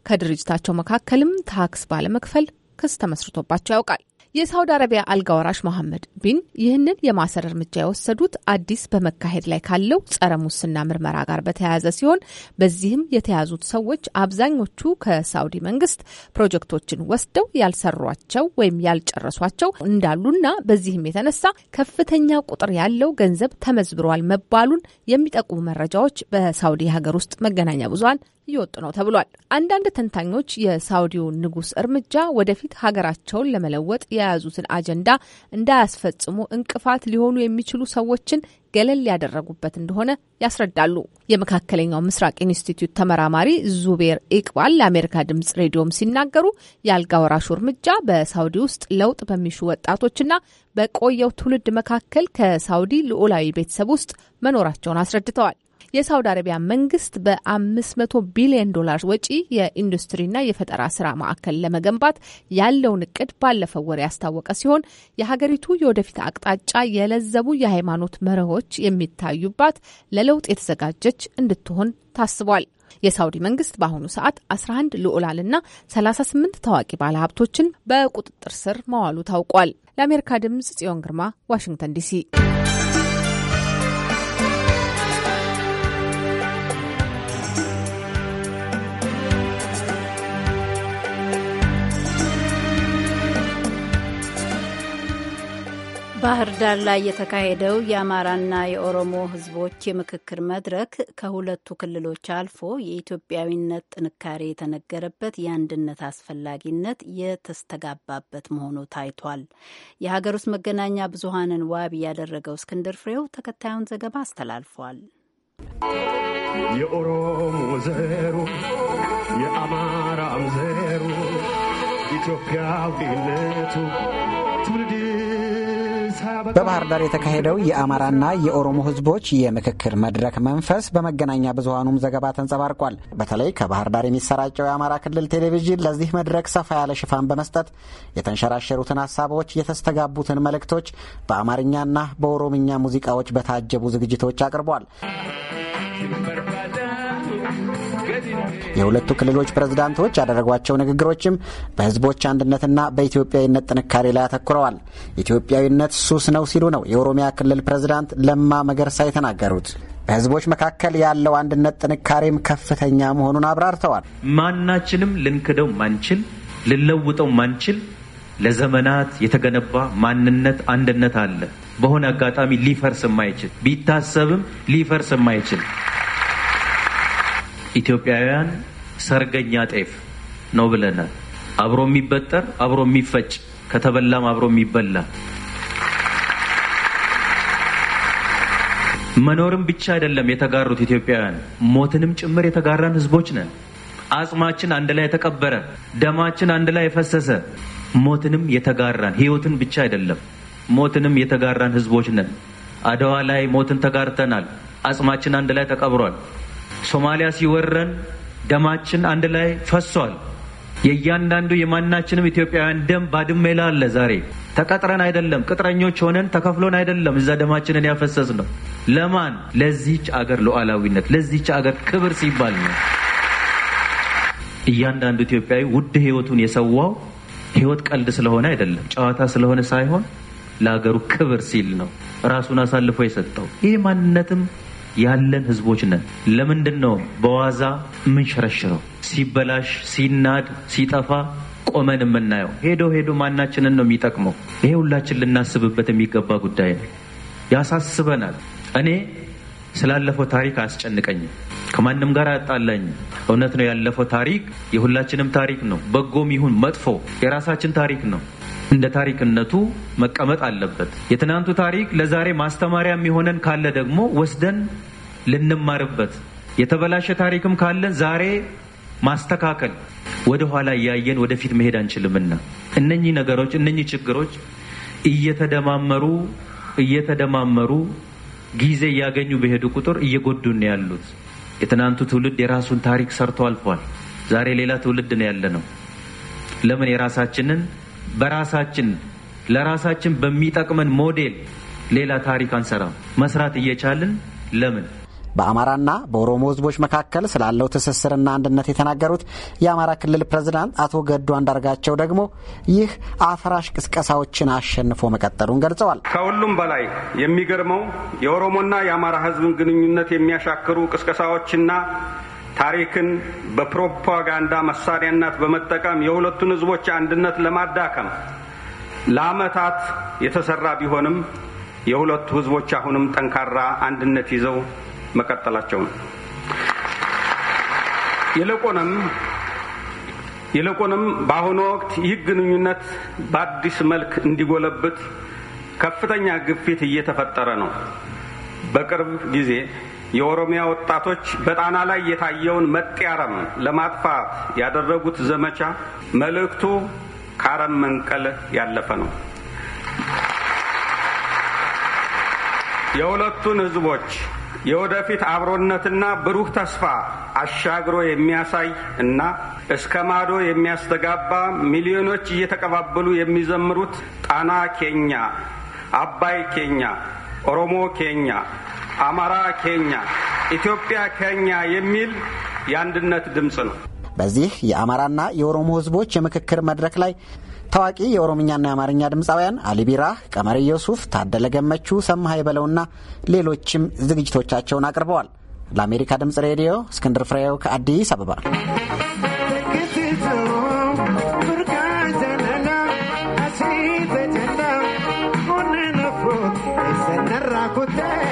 ከድርጅታቸው መካከልም ታክስ ባለመክፈል ክስ ተመስርቶባቸው ያውቃል። የሳውዲ አረቢያ አልጋ ወራሽ መሐመድ ቢን ይህንን የማሰር እርምጃ የወሰዱት አዲስ በመካሄድ ላይ ካለው ጸረ ሙስና ምርመራ ጋር በተያያዘ ሲሆን በዚህም የተያዙት ሰዎች አብዛኞቹ ከሳውዲ መንግስት ፕሮጀክቶችን ወስደው ያልሰሯቸው ወይም ያልጨረሷቸው እንዳሉና በዚህም የተነሳ ከፍተኛ ቁጥር ያለው ገንዘብ ተመዝብሯል መባሉን የሚጠቁሙ መረጃዎች በሳውዲ ሀገር ውስጥ መገናኛ ብዙኃን እየወጡ ነው ተብሏል። አንዳንድ ተንታኞች የሳውዲው ንጉሥ እርምጃ ወደፊት ሀገራቸውን ለመለወጥ የያዙትን አጀንዳ እንዳያስፈጽሙ እንቅፋት ሊሆኑ የሚችሉ ሰዎችን ገለል ያደረጉበት እንደሆነ ያስረዳሉ። የመካከለኛው ምስራቅ ኢንስቲትዩት ተመራማሪ ዙቤር ኢቅባል ለአሜሪካ ድምጽ ሬዲዮም ሲናገሩ የአልጋ ወራሹ እርምጃ በሳውዲ ውስጥ ለውጥ በሚሹ ወጣቶችና በቆየው ትውልድ መካከል ከሳውዲ ልዑላዊ ቤተሰብ ውስጥ መኖራቸውን አስረድተዋል። የሳውዲ አረቢያ መንግስት በ500 ቢሊዮን ዶላር ወጪ የኢንዱስትሪና የፈጠራ ስራ ማዕከል ለመገንባት ያለውን እቅድ ባለፈው ወር ያስታወቀ ሲሆን የሀገሪቱ የወደፊት አቅጣጫ የለዘቡ የሃይማኖት መርሆች የሚታዩባት ለለውጥ የተዘጋጀች እንድትሆን ታስቧል። የሳውዲ መንግስት በአሁኑ ሰዓት 11 ና 38 ታዋቂ ባለሀብቶችን በቁጥጥር ስር መዋሉ ታውቋል። ለአሜሪካ ድምጽ ጽዮን ግርማ ዋሽንግተን ዲሲ ባህር ዳር ላይ የተካሄደው የአማራና የኦሮሞ ህዝቦች የምክክር መድረክ ከሁለቱ ክልሎች አልፎ የኢትዮጵያዊነት ጥንካሬ የተነገረበት የአንድነት አስፈላጊነት የተስተጋባበት መሆኑ ታይቷል። የሀገር ውስጥ መገናኛ ብዙሀንን ዋቢ ያደረገው እስክንድር ፍሬው ተከታዩን ዘገባ አስተላልፏል። የኦሮሞ ዘሩ የአማራም ዘሩ ኢትዮጵያዊነቱ ትውልድ በባህር ዳር የተካሄደው የአማራና የኦሮሞ ህዝቦች የምክክር መድረክ መንፈስ በመገናኛ ብዙሀኑም ዘገባ ተንጸባርቋል። በተለይ ከባህር ዳር የሚሰራጨው የአማራ ክልል ቴሌቪዥን ለዚህ መድረክ ሰፋ ያለ ሽፋን በመስጠት የተንሸራሸሩትን ሀሳቦች፣ የተስተጋቡትን መልእክቶች በአማርኛና በኦሮምኛ ሙዚቃዎች በታጀቡ ዝግጅቶች አቅርቧል። የሁለቱ ክልሎች ፕሬዝዳንቶች ያደረጓቸው ንግግሮችም በህዝቦች አንድነትና በኢትዮጵያዊነት ጥንካሬ ላይ አተኩረዋል። ኢትዮጵያዊነት ሱስ ነው ሲሉ ነው የኦሮሚያ ክልል ፕሬዝዳንት ለማ መገርሳ የተናገሩት። በህዝቦች መካከል ያለው አንድነት ጥንካሬም ከፍተኛ መሆኑን አብራርተዋል። ማናችንም ልንክደው ማንችል ልለውጠው ማንችል ለዘመናት የተገነባ ማንነት አንድነት አለ። በሆነ አጋጣሚ ሊፈርስ የማይችል ቢታሰብም ሊፈርስ የማይችል ኢትዮጵያውያን ሰርገኛ ጤፍ ነው ብለናል። አብሮ የሚበጠር አብሮ የሚፈጭ ከተበላም አብሮ የሚበላ መኖርም ብቻ አይደለም የተጋሩት ኢትዮጵያውያን ሞትንም ጭምር የተጋራን ህዝቦች ነን። አጽማችን አንድ ላይ የተቀበረ፣ ደማችን አንድ ላይ የፈሰሰ፣ ሞትንም የተጋራን ህይወትን ብቻ አይደለም ሞትንም የተጋራን ህዝቦች ነን። አድዋ ላይ ሞትን ተጋርተናል። አጽማችን አንድ ላይ ተቀብሯል። ሶማሊያ ሲወረን ደማችን አንድ ላይ ፈሷል። የእያንዳንዱ የማናችንም ኢትዮጵያውያን ደም ባድሜ ላይ አለ። ዛሬ ተቀጥረን አይደለም፣ ቅጥረኞች ሆነን ተከፍሎን አይደለም። እዛ ደማችንን ያፈሰስ ነው። ለማን? ለዚች አገር ሉዓላዊነት፣ ለዚች አገር ክብር ሲባል ነው። እያንዳንዱ ኢትዮጵያዊ ውድ ህይወቱን የሰዋው ህይወት ቀልድ ስለሆነ አይደለም፣ ጨዋታ ስለሆነ ሳይሆን ለአገሩ ክብር ሲል ነው ራሱን አሳልፎ የሰጠው። ይህ ማንነትም ያለን ህዝቦች ነን። ለምንድን ነው በዋዛ የምንሸረሽረው? ሲበላሽ፣ ሲናድ፣ ሲጠፋ ቆመን የምናየው ሄዶ ሄዶ ማናችንን ነው የሚጠቅመው? ይሄ ሁላችን ልናስብበት የሚገባ ጉዳይ ነው። ያሳስበናል። እኔ ስላለፈው ታሪክ አያስጨንቀኝም። ከማንም ጋር አያጣላኝም። እውነት ነው፣ ያለፈው ታሪክ የሁላችንም ታሪክ ነው። በጎም ይሁን መጥፎ የራሳችን ታሪክ ነው። እንደ ታሪክነቱ መቀመጥ አለበት። የትናንቱ ታሪክ ለዛሬ ማስተማሪያ የሚሆነን ካለ ደግሞ ወስደን ልንማርበት፣ የተበላሸ ታሪክም ካለን ዛሬ ማስተካከል፣ ወደኋላ እያየን ወደፊት መሄድ አንችልምና እነኚህ ነገሮች እነኚህ ችግሮች እየተደማመሩ እየተደማመሩ ጊዜ እያገኙ በሄዱ ቁጥር እየጎዱን ያሉት። የትናንቱ ትውልድ የራሱን ታሪክ ሰርቶ አልፏል። ዛሬ ሌላ ትውልድ ነው ያለ ነው። ለምን የራሳችንን በራሳችን ለራሳችን በሚጠቅመን ሞዴል ሌላ ታሪክ አንሰራም? መስራት እየቻልን ለምን በአማራና በኦሮሞ ህዝቦች መካከል ስላለው ትስስርና አንድነት የተናገሩት የአማራ ክልል ፕሬዝዳንት አቶ ገዱ አንዳርጋቸው ደግሞ ይህ አፍራሽ ቅስቀሳዎችን አሸንፎ መቀጠሉን ገልጸዋል። ከሁሉም በላይ የሚገርመው የኦሮሞና የአማራ ህዝብን ግንኙነት የሚያሻክሩ ቅስቀሳዎችና ታሪክን በፕሮፓጋንዳ መሳሪያነት በመጠቀም የሁለቱን ህዝቦች አንድነት ለማዳከም ለአመታት የተሰራ ቢሆንም የሁለቱ ህዝቦች አሁንም ጠንካራ አንድነት ይዘው መቀጠላቸው ነው። ይልቁንም ይልቁንም በአሁኑ ወቅት ይህ ግንኙነት በአዲስ መልክ እንዲጎለብት ከፍተኛ ግፊት እየተፈጠረ ነው። በቅርብ ጊዜ የኦሮሚያ ወጣቶች በጣና ላይ የታየውን መጤ አረም ለማጥፋት ያደረጉት ዘመቻ መልእክቱ ከአረም መንቀል ያለፈ ነው። የሁለቱን ህዝቦች የወደፊት አብሮነትና ብሩህ ተስፋ አሻግሮ የሚያሳይ እና እስከ ማዶ የሚያስተጋባ ሚሊዮኖች እየተቀባበሉ የሚዘምሩት ጣና ኬኛ፣ አባይ ኬኛ፣ ኦሮሞ ኬኛ፣ አማራ ኬኛ፣ ኢትዮጵያ ኬኛ የሚል የአንድነት ድምፅ ነው። በዚህ የአማራና የኦሮሞ ህዝቦች የምክክር መድረክ ላይ ታዋቂ የኦሮምኛና የአማርኛ ድምፃውያን አሊቢራ፣ ቀመር ዮሱፍ፣ ታደለ ገመቹ፣ ሰማሀይ በለውና ሌሎችም ዝግጅቶቻቸውን አቅርበዋል። ለአሜሪካ ድምፅ ሬዲዮ እስክንድር ፍሬው ከአዲስ አበባ። Good day.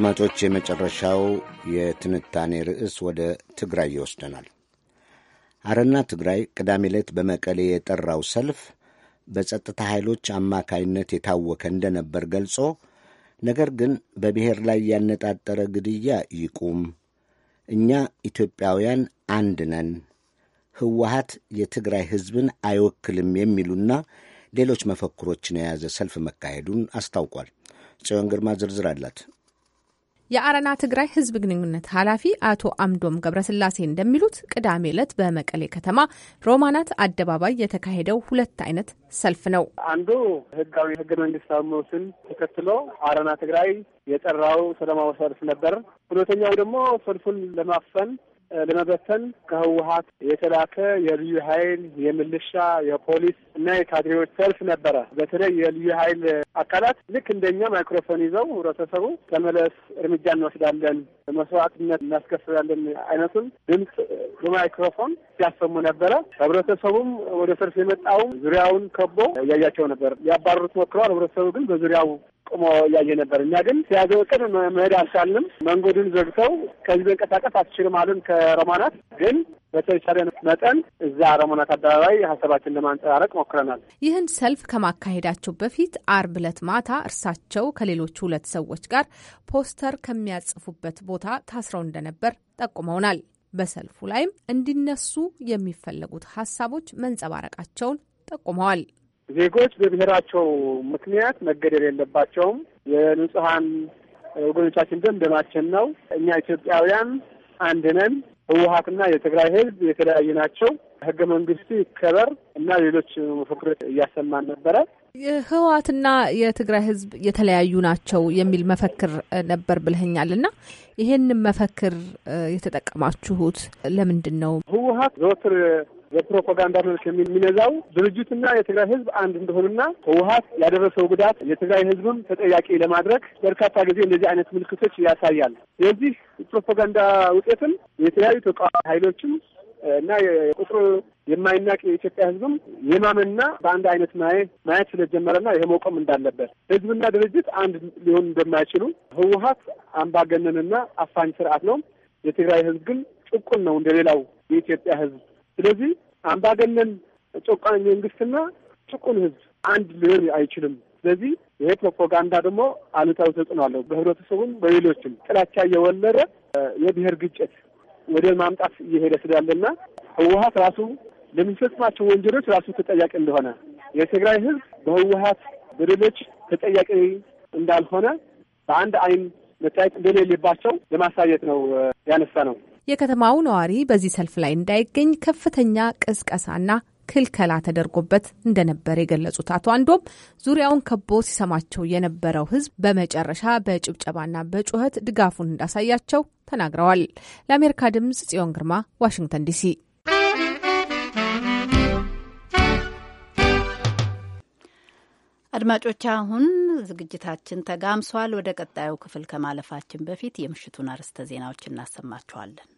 አድማጮች፣ የመጨረሻው የትንታኔ ርዕስ ወደ ትግራይ ይወስደናል። አረና ትግራይ ቅዳሜ ዕለት በመቀሌ የጠራው ሰልፍ በጸጥታ ኃይሎች አማካይነት የታወከ እንደነበር ገልጾ ነገር ግን በብሔር ላይ ያነጣጠረ ግድያ ይቁም፣ እኛ ኢትዮጵያውያን አንድ ነን፣ ህወሀት የትግራይ ህዝብን አይወክልም የሚሉና ሌሎች መፈክሮችን የያዘ ሰልፍ መካሄዱን አስታውቋል። ጽዮን ግርማ ዝርዝር አላት። የአረና ትግራይ ህዝብ ግንኙነት ኃላፊ አቶ አምዶም ገብረስላሴ እንደሚሉት ቅዳሜ ዕለት በመቀሌ ከተማ ሮማናት አደባባይ የተካሄደው ሁለት አይነት ሰልፍ ነው። አንዱ ህጋዊ ህገ መንግስታዊ መውስን ተከትሎ አረና ትግራይ የጠራው ሰላማዊ ሰልፍ ነበር። ሁለተኛው ደግሞ ሰልፉን ለማፈን ለመበተን ከህወሀት የተላከ የልዩ ኃይል የምልሻ፣ የፖሊስ እና የካድሬዎች ሰልፍ ነበረ። በተለይ የልዩ ኃይል አካላት ልክ እንደኛ ማይክሮፎን ይዘው ህብረተሰቡ ተመለስ፣ እርምጃ እንወስዳለን፣ መስዋዕትነት እናስከፍላለን አይነቱን ድምፅ በማይክሮፎን ሲያሰሙ ነበረ። ህብረተሰቡም ወደ ሰልፍ የመጣውም ዙሪያውን ከቦ እያያቸው ነበር። ሊያባረሩት ሞክረዋል። ህብረተሰቡ ግን በዙሪያው ቆሞ እያየ ነበር። እኛ ግን ተያዘው እቅድ መሄድ አልቻልንም። መንገዱን ዘግተው ከዚህ መንቀሳቀስ አትችልም አሉን ከሮማናት ግን በተቻለ መጠን እዛ ሮማናት አደባባይ ሀሳባችን ለማንጸባረቅ ሞክረናል። ይህን ሰልፍ ከማካሄዳቸው በፊት አርብ ዕለት ማታ እርሳቸው ከሌሎች ሁለት ሰዎች ጋር ፖስተር ከሚያጽፉበት ቦታ ታስረው እንደነበር ጠቁመውናል። በሰልፉ ላይም እንዲነሱ የሚፈለጉት ሀሳቦች መንጸባረቃቸውን ጠቁመዋል። ዜጎች በብሔራቸው ምክንያት መገደል የለባቸውም። የንጹሀን ወገኖቻችን ደም ደማችን ነው። እኛ ኢትዮጵያውያን አንድ ነን። ህወሀትና የትግራይ ህዝብ የተለያዩ ናቸው። ህገ መንግስቱ ይከበር እና ሌሎች መፈክሮች እያሰማን ነበረ። ህወሀትና የትግራይ ህዝብ የተለያዩ ናቸው የሚል መፈክር ነበር ብልህኛል እና ይህንን መፈክር የተጠቀማችሁት ለምንድን ነው? ህወሀት ዘወትር በፕሮፓጋንዳ መልክ የሚነዛው ድርጅትና የትግራይ ህዝብ አንድ እንደሆኑና ህወሀት ያደረሰው ጉዳት የትግራይ ህዝብም ተጠያቂ ለማድረግ በርካታ ጊዜ እንደዚህ አይነት ምልክቶች ያሳያል። የዚህ ፕሮፓጋንዳ ውጤትም የተለያዩ ተቃዋሚ ኃይሎችም እና የቁጥሩ የማይናቅ የኢትዮጵያ ህዝብም የማመንና በአንድ አይነት ማየት ማየት ስለጀመረና ይሄ መቆም እንዳለበት ህዝብና ድርጅት አንድ ሊሆን እንደማይችሉ ህወሀት አምባገነንና አፋኝ ስርዓት ነው። የትግራይ ህዝብ ግን ጭቁን ነው እንደሌላው የኢትዮጵያ ህዝብ ስለዚህ አምባገነን ጨቋኝ መንግስትና ጭቁን ህዝብ አንድ ሊሆን አይችልም። ስለዚህ ይሄ ፕሮፓጋንዳ ደግሞ አሉታዊ ተጽዕኖ አለው። በህብረተሰቡም በሌሎችም ጥላቻ እየወለደ የብሔር ግጭት ወደ ማምጣት እየሄደ ስላለና ህወሀት ራሱ ለሚፈጽማቸው ወንጀሎች ራሱ ተጠያቂ እንደሆነ የትግራይ ህዝብ በህወሀት በሌሎች ተጠያቂ እንዳልሆነ በአንድ አይን መታየት እንደሌለባቸው ለማሳየት ነው ያነሳ ነው። የከተማው ነዋሪ በዚህ ሰልፍ ላይ እንዳይገኝ ከፍተኛ ቅስቀሳና ክልከላ ተደርጎበት እንደነበር የገለጹት አቶ አንዶም ዙሪያውን ከቦ ሲሰማቸው የነበረው ሕዝብ በመጨረሻ በጭብጨባና በጩኸት ድጋፉን እንዳሳያቸው ተናግረዋል። ለአሜሪካ ድምጽ ጽዮን ግርማ ዋሽንግተን ዲሲ። አድማጮች አሁን ዝግጅታችን ተጋምሷል። ወደ ቀጣዩ ክፍል ከማለፋችን በፊት የምሽቱን አርዕስተ ዜናዎች እናሰማችኋለን።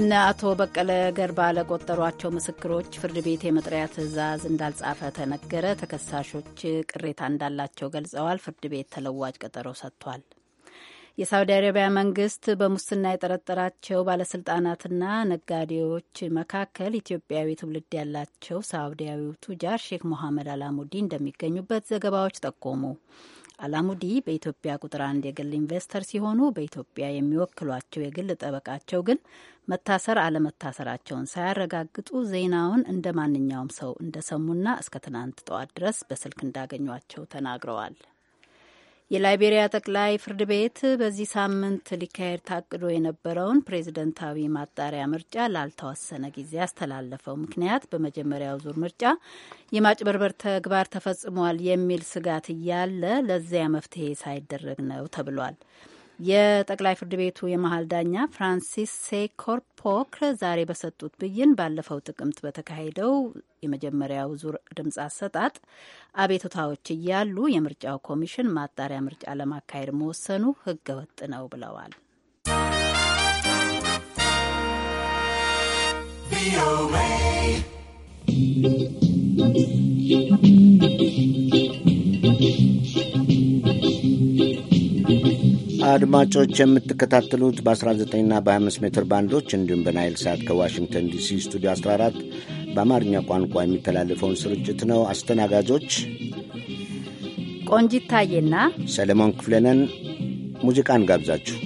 እነ አቶ በቀለ ገርባ ለቆጠሯቸው ምስክሮች ፍርድ ቤት የመጥሪያ ትዕዛዝ እንዳልጻፈ ተነገረ። ተከሳሾች ቅሬታ እንዳላቸው ገልጸዋል። ፍርድ ቤት ተለዋጭ ቀጠሮ ሰጥቷል። የሳውዲ አረቢያ መንግስት በሙስና የጠረጠራቸው ባለስልጣናትና ነጋዴዎች መካከል ኢትዮጵያዊ ትውልድ ያላቸው ሳውዲያዊው ቱጃር ሼክ ሞሐመድ አላሙዲ እንደሚገኙበት ዘገባዎች ጠቆሙ። አላሙዲ በኢትዮጵያ ቁጥር አንድ የግል ኢንቨስተር ሲሆኑ በኢትዮጵያ የሚወክሏቸው የግል ጠበቃቸው ግን መታሰር አለመታሰራቸውን ሳያረጋግጡ ዜናውን እንደ ማንኛውም ሰው እንደሰሙና እስከ ትናንት ጠዋት ድረስ በስልክ እንዳገኟቸው ተናግረዋል። የላይቤሪያ ጠቅላይ ፍርድ ቤት በዚህ ሳምንት ሊካሄድ ታቅዶ የነበረውን ፕሬዝደንታዊ ማጣሪያ ምርጫ ላልተወሰነ ጊዜ ያስተላለፈው ምክንያት በመጀመሪያው ዙር ምርጫ የማጭበርበር ተግባር ተፈጽሟል የሚል ስጋት እያለ ለዚያ መፍትሄ ሳይደረግ ነው ተብሏል። የጠቅላይ ፍርድ ቤቱ የመሀል ዳኛ ፍራንሲስ ሴኮርፖክ ዛሬ በሰጡት ብይን ባለፈው ጥቅምት በተካሄደው የመጀመሪያው ዙር ድምፅ አሰጣጥ አቤቱታዎች እያሉ የምርጫው ኮሚሽን ማጣሪያ ምርጫ ለማካሄድ መወሰኑ ወጥ ነው ብለዋል። ቪኦኤ አድማጮች የምትከታተሉት በ19ና በ25 ሜትር ባንዶች እንዲሁም በናይል ሳት ከዋሽንግተን ዲሲ ስቱዲዮ 14 በአማርኛ ቋንቋ የሚተላለፈውን ስርጭት ነው። አስተናጋጆች ቆንጂት ታዬና ሰለሞን ክፍለነን ሙዚቃን ጋብዛችሁ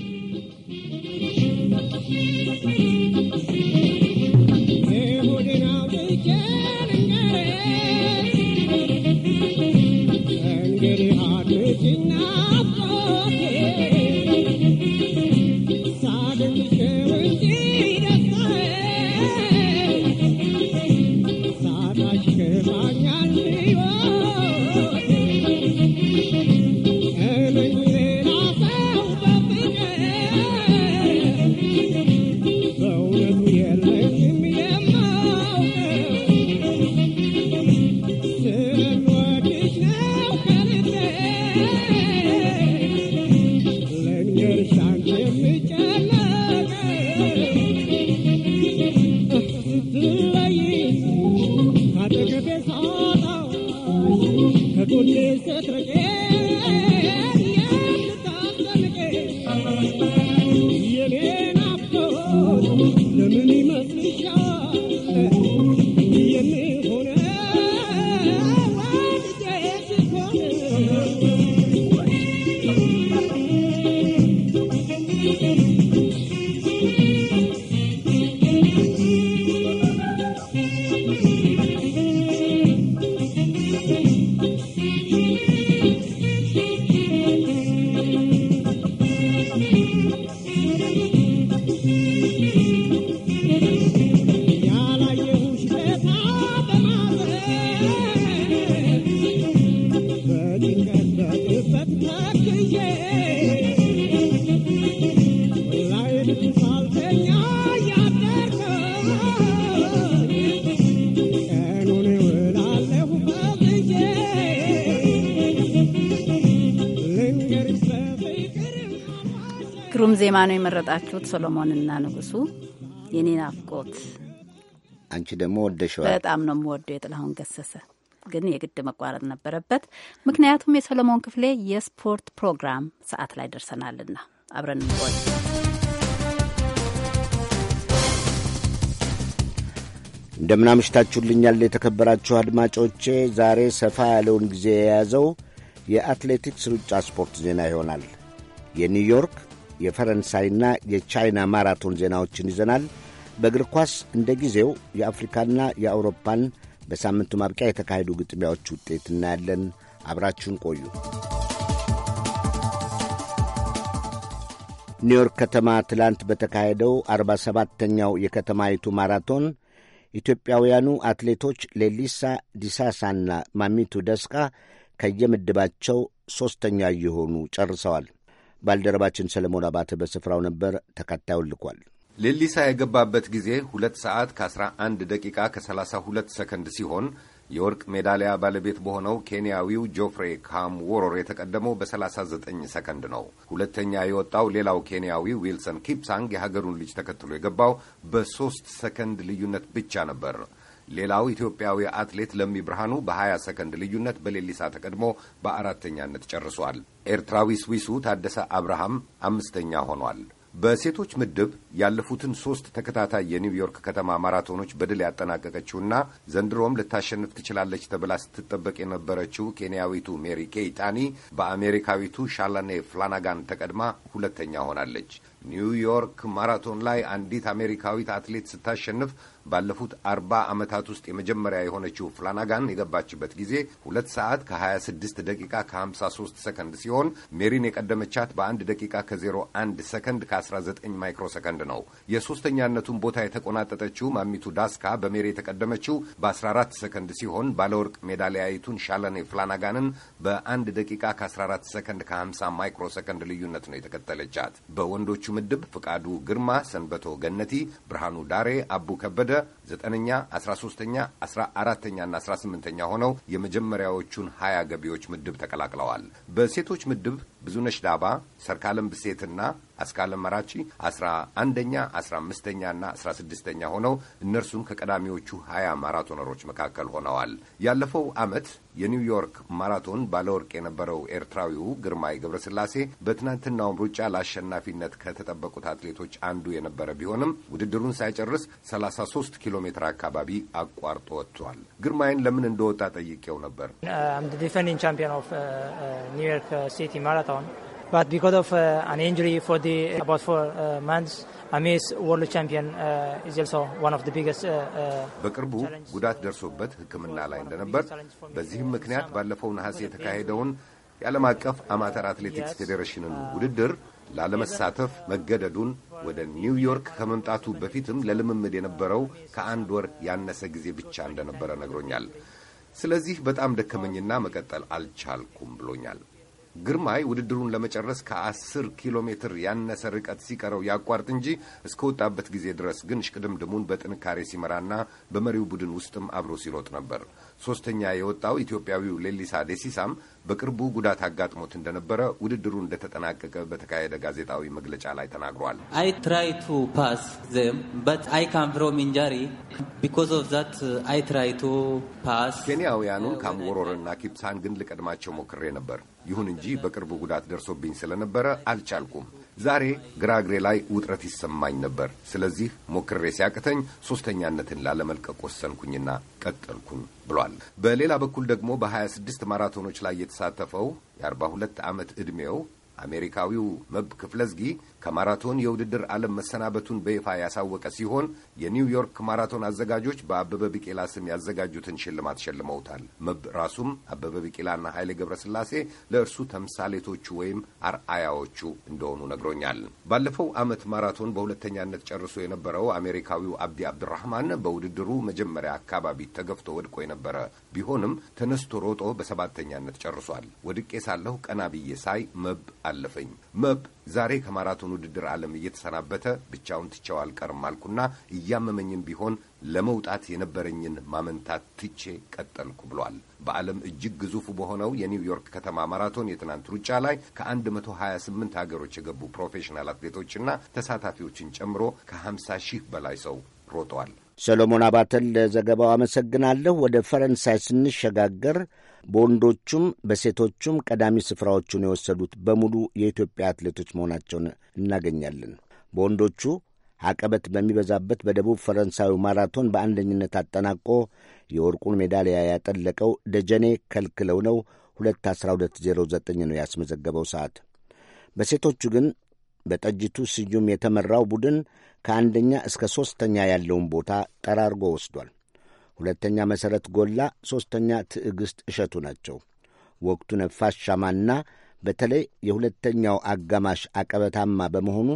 ዜማ ነው የመረጣችሁት ሶሎሞንና ንጉሱ የኔ ናፍቆት። አንቺ ደግሞ ወደሸዋል። በጣም ነው የምወደው የጥላሁን ገሰሰ ግን የግድ መቋረጥ ነበረበት። ምክንያቱም የሰሎሞን ክፍሌ የስፖርት ፕሮግራም ሰዓት ላይ ደርሰናልና አብረን ቆይ እንደምናምሽታችሁልኛል የተከበራችሁ አድማጮቼ። ዛሬ ሰፋ ያለውን ጊዜ የያዘው የአትሌቲክስ ሩጫ ስፖርት ዜና ይሆናል። የኒውዮርክ የፈረንሳይና የቻይና ማራቶን ዜናዎችን ይዘናል። በእግር ኳስ እንደ ጊዜው የአፍሪካና የአውሮፓን በሳምንቱ ማብቂያ የተካሄዱ ግጥሚያዎች ውጤት እናያለን። አብራችሁን ቆዩ። ኒውዮርክ ከተማ ትላንት በተካሄደው 47ተኛው የከተማይቱ ማራቶን ኢትዮጵያውያኑ አትሌቶች ሌሊሳ ዲሳሳና ማሚቱ ደስቃ ከየምድባቸው ሦስተኛ እየሆኑ ጨርሰዋል። ባልደረባችን ሰለሞን አባተ በስፍራው ነበር፣ ተከታዩን ልኳል። ሌሊሳ የገባበት ጊዜ ሁለት ሰዓት ከ11 ደቂቃ ከ32 ሰከንድ ሲሆን የወርቅ ሜዳሊያ ባለቤት በሆነው ኬንያዊው ጆፍሬ ካም ወሮር የተቀደመው በ39 ሰከንድ ነው። ሁለተኛ የወጣው ሌላው ኬንያዊ ዊልሰን ኪፕሳንግ የሀገሩን ልጅ ተከትሎ የገባው በሦስት ሰከንድ ልዩነት ብቻ ነበር። ሌላው ኢትዮጵያዊ አትሌት ለሚ ብርሃኑ በ20 ሰከንድ ልዩነት በሌሊሳ ተቀድሞ በአራተኛነት ጨርሷል። ኤርትራዊ ስዊሱ ታደሰ አብርሃም አምስተኛ ሆኗል። በሴቶች ምድብ ያለፉትን ሶስት ተከታታይ የኒውዮርክ ከተማ ማራቶኖች በድል ያጠናቀቀችውና ዘንድሮም ልታሸንፍ ትችላለች ተብላ ስትጠበቅ የነበረችው ኬንያዊቱ ሜሪ ኬይታኒ በአሜሪካዊቱ ሻላኔ ፍላናጋን ተቀድማ ሁለተኛ ሆናለች። ኒውዮርክ ማራቶን ላይ አንዲት አሜሪካዊት አትሌት ስታሸንፍ ባለፉት አርባ ዓመታት ውስጥ የመጀመሪያ የሆነችው ፍላናጋን የገባችበት ጊዜ ሁለት ሰዓት ከ26 ደቂቃ ከ53 ሰከንድ ሲሆን ሜሪን የቀደመቻት በአንድ ደቂቃ ከ01 ሰከንድ ከ19 ማይክሮ ሰከንድ ነው። የሦስተኛነቱን ቦታ የተቆናጠጠችው ማሚቱ ዳስካ በሜሪ የተቀደመችው በ14 ሰከንድ ሲሆን ባለወርቅ ሜዳሊያዊቱን ሻለኔ ፍላናጋንን በአንድ ደቂቃ ከ14 ሰከንድ ከ50 ማይክሮ ሰከንድ ልዩነት ነው የተከተለቻት። በወንዶቹ ምድብ ፍቃዱ ግርማ፣ ሰንበቶ ገነቲ፣ ብርሃኑ ዳሬ፣ አቡ ከበደ፣ ዘጠነኛ፣ አስራ ሶስተኛ፣ አስራ አራተኛ ና አስራ ስምንተኛ ሆነው የመጀመሪያዎቹን ሀያ ገቢዎች ምድብ ተቀላቅለዋል። በሴቶች ምድብ ብዙነሽ ዳባ፣ ሰርካለም ብሴትና አስካለም መራቺ አስራ አንደኛ፣ አስራ አምስተኛ ና አስራ ስድስተኛ ሆነው እነርሱም ከቀዳሚዎቹ ሀያ ማራቶነሮች መካከል ሆነዋል። ያለፈው ዓመት የኒውዮርክ ማራቶን ባለወርቅ የነበረው ኤርትራዊው ግርማይ ገብረስላሴ በትናንትናውም ሩጫ ለአሸናፊነት ከተጠበቁት አትሌቶች አንዱ የነበረ ቢሆንም ውድድሩን ሳይጨርስ 33 ኪሎ ሜትር አካባቢ አቋርጦ ወጥቷል። ግርማይን ለምን እንደወጣ ጠይቄው ነበር። ዲፌንዲንግ ቻምፒዮን ኦፍ ኒውዮርክ ሲቲ ማራቶን but because በቅርቡ ጉዳት ደርሶበት ሕክምና ላይ እንደነበር በዚህም ምክንያት ባለፈው ነሐሴ የተካሄደውን የዓለም አቀፍ አማተር አትሌቲክስ ፌዴሬሽንን uh, ውድድር ላለመሳተፍ መገደዱን ወደ ኒውዮርክ ከመምጣቱ በፊትም ለልምምድ የነበረው ከአንድ ወር ያነሰ ጊዜ ብቻ እንደነበረ ነግሮኛል። ስለዚህ በጣም ደከመኝና መቀጠል አልቻልኩም ብሎኛል። ግርማይ ውድድሩን ለመጨረስ ከአስር ኪሎ ሜትር ያነሰ ርቀት ሲቀረው ያቋርጥ እንጂ እስከ ወጣበት ጊዜ ድረስ ግን ሽቅድምድሙን በጥንካሬ ሲመራና በመሪው ቡድን ውስጥም አብሮ ሲሮጥ ነበር። ሶስተኛ የወጣው ኢትዮጵያዊው ሌሊሳ ደሲሳም በቅርቡ ጉዳት አጋጥሞት እንደነበረ ውድድሩ እንደተጠናቀቀ በተካሄደ ጋዜጣዊ መግለጫ ላይ ተናግሯል። አይ ትራይ ቱ ፓስ ዘም በት አይ ካም ፍሮም ኢንጃሪ ቢኮዝ ኦፍ ዛት አይ ትራይ ቱ ፓስ። ኬንያውያኑን ካምወሮርና ኪፕሳን ግን ልቀድማቸው ሞክሬ ነበር። ይሁን እንጂ በቅርቡ ጉዳት ደርሶብኝ ስለነበረ አልቻልኩም። ዛሬ ግራግሬ ላይ ውጥረት ይሰማኝ ነበር። ስለዚህ ሞክሬ ሲያቅተኝ ሶስተኛነትን ላለመልቀቅ ወሰንኩኝና ቀጠልኩኝ ብሏል። በሌላ በኩል ደግሞ በ26 ማራቶኖች ላይ የተሳተፈው የ42 ዓመት ዕድሜው አሜሪካዊው መብ ክፍለዝጊ ከማራቶን የውድድር ዓለም መሰናበቱን በይፋ ያሳወቀ ሲሆን የኒውዮርክ ማራቶን አዘጋጆች በአበበ ቢቂላ ስም ያዘጋጁትን ሽልማት ሸልመውታል። መብ ራሱም አበበ ቢቂላና ኃይሌ ገብረስላሴ ለእርሱ ተምሳሌቶቹ ወይም አርአያዎቹ እንደሆኑ ነግሮኛል። ባለፈው ዓመት ማራቶን በሁለተኛነት ጨርሶ የነበረው አሜሪካዊው አብዲ አብድራህማን በውድድሩ መጀመሪያ አካባቢ ተገፍቶ ወድቆ የነበረ ቢሆንም ተነስቶ ሮጦ በሰባተኛነት ጨርሷል። ወድቄ ሳለሁ ቀና ብዬ ሳይ መብ አለፈኝ። መብ ዛሬ ከማራቶን የአትሌቲክሱን ውድድር ዓለም እየተሰናበተ ብቻውን ትቼው አልቀርም አልኩና እያመመኝም ቢሆን ለመውጣት የነበረኝን ማመንታት ትቼ ቀጠልኩ ብሏል። በዓለም እጅግ ግዙፉ በሆነው የኒውዮርክ ከተማ ማራቶን የትናንት ሩጫ ላይ ከ128 ሀገሮች የገቡ ፕሮፌሽናል አትሌቶችና ተሳታፊዎችን ጨምሮ ከ50 ሺህ በላይ ሰው ሮጠዋል። ሰሎሞን አባተን ለዘገባው አመሰግናለሁ። ወደ ፈረንሳይ ስንሸጋገር በወንዶቹም በሴቶቹም ቀዳሚ ስፍራዎቹን የወሰዱት በሙሉ የኢትዮጵያ አትሌቶች መሆናቸውን እናገኛለን። በወንዶቹ አቀበት በሚበዛበት በደቡብ ፈረንሳዊ ማራቶን በአንደኝነት አጠናቆ የወርቁን ሜዳሊያ ያጠለቀው ደጀኔ ከልክለው ነው። 2:12:09 ነው ያስመዘገበው ሰዓት። በሴቶቹ ግን በጠጅቱ ስዩም የተመራው ቡድን ከአንደኛ እስከ ሦስተኛ ያለውን ቦታ ጠራርጎ ወስዷል። ሁለተኛ መሠረት ጎላ፣ ሦስተኛ ትዕግሥት እሸቱ ናቸው። ወቅቱ ነፋሻማና በተለይ የሁለተኛው አጋማሽ አቀበታማ በመሆኑ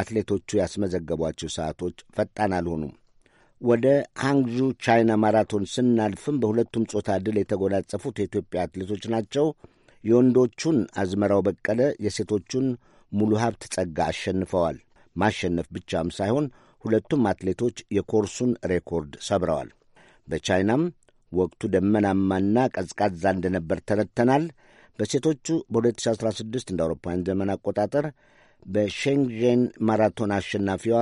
አትሌቶቹ ያስመዘገቧቸው ሰዓቶች ፈጣን አልሆኑም። ወደ ሃንግዡ ቻይና ማራቶን ስናልፍም በሁለቱም ጾታ ድል የተጎናጸፉት የኢትዮጵያ አትሌቶች ናቸው። የወንዶቹን አዝመራው በቀለ፣ የሴቶቹን ሙሉ ሀብት ጸጋ አሸንፈዋል። ማሸነፍ ብቻም ሳይሆን ሁለቱም አትሌቶች የኮርሱን ሬኮርድ ሰብረዋል። በቻይናም ወቅቱ ደመናማና ቀዝቃዛ እንደነበር ተረድተናል። በሴቶቹ በ2016 እንደ አውሮፓውያን ዘመን አቆጣጠር በሼንግዤን ማራቶን አሸናፊዋ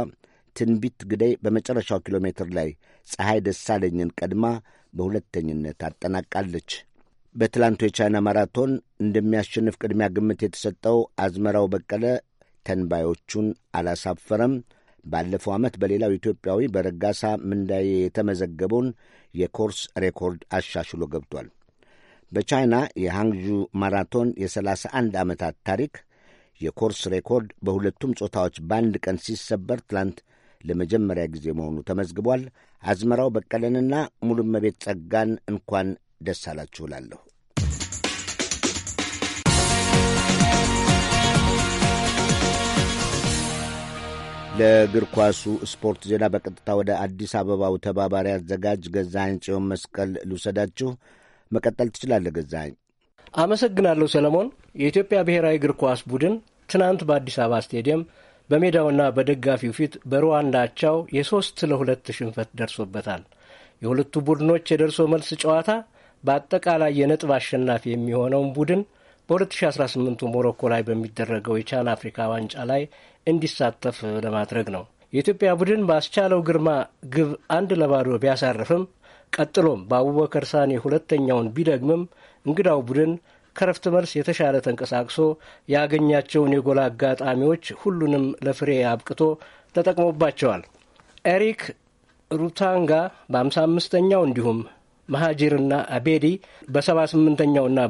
ትንቢት ግደይ በመጨረሻው ኪሎ ሜትር ላይ ፀሐይ ደሳለኝን ቀድማ በሁለተኝነት አጠናቃለች። በትላንቱ የቻይና ማራቶን እንደሚያሸንፍ ቅድሚያ ግምት የተሰጠው አዝመራው በቀለ ተንባዮቹን አላሳፈረም። ባለፈው ዓመት በሌላው ኢትዮጵያዊ በረጋሳ ምንዳዬ የተመዘገበውን የኮርስ ሬኮርድ አሻሽሎ ገብቷል። በቻይና የሃንግዡ ማራቶን የ31 ዓመታት ታሪክ የኮርስ ሬኮርድ በሁለቱም ጾታዎች በአንድ ቀን ሲሰበር ትላንት ለመጀመሪያ ጊዜ መሆኑ ተመዝግቧል። አዝመራው በቀለንና ሙሉመቤት ጸጋን እንኳን ደስ አላችሁ እላለሁ። ለእግር ኳሱ ስፖርት ዜና በቀጥታ ወደ አዲስ አበባው ተባባሪ አዘጋጅ ገዛኸኝ ጽዮን መስቀል ልውሰዳችሁ። መቀጠል ትችላለህ ገዛኸኝ። አመሰግናለሁ ሰለሞን። የኢትዮጵያ ብሔራዊ እግር ኳስ ቡድን ትናንት በአዲስ አበባ ስቴዲየም በሜዳውና በደጋፊው ፊት በሩዋንዳ አቻው የሶስት ለሁለት ሽንፈት ደርሶበታል። የሁለቱ ቡድኖች የደርሶ መልስ ጨዋታ በአጠቃላይ የነጥብ አሸናፊ የሚሆነውን ቡድን በ2018 ሞሮኮ ላይ በሚደረገው የቻን አፍሪካ ዋንጫ ላይ እንዲሳተፍ ለማድረግ ነው። የኢትዮጵያ ቡድን ባስቻለው ግርማ ግብ አንድ ለባዶ ቢያሳርፍም ቀጥሎም በአቡበከር ሳኔ ሁለተኛውን ቢደግምም እንግዳው ቡድን ከረፍት መልስ የተሻለ ተንቀሳቅሶ ያገኛቸውን የጎል አጋጣሚዎች ሁሉንም ለፍሬ አብቅቶ ተጠቅሞባቸዋል። ኤሪክ ሩታንጋ በአምሳ አምስተኛው እንዲሁም መሀጂርና አቤዲ በ78ኛውና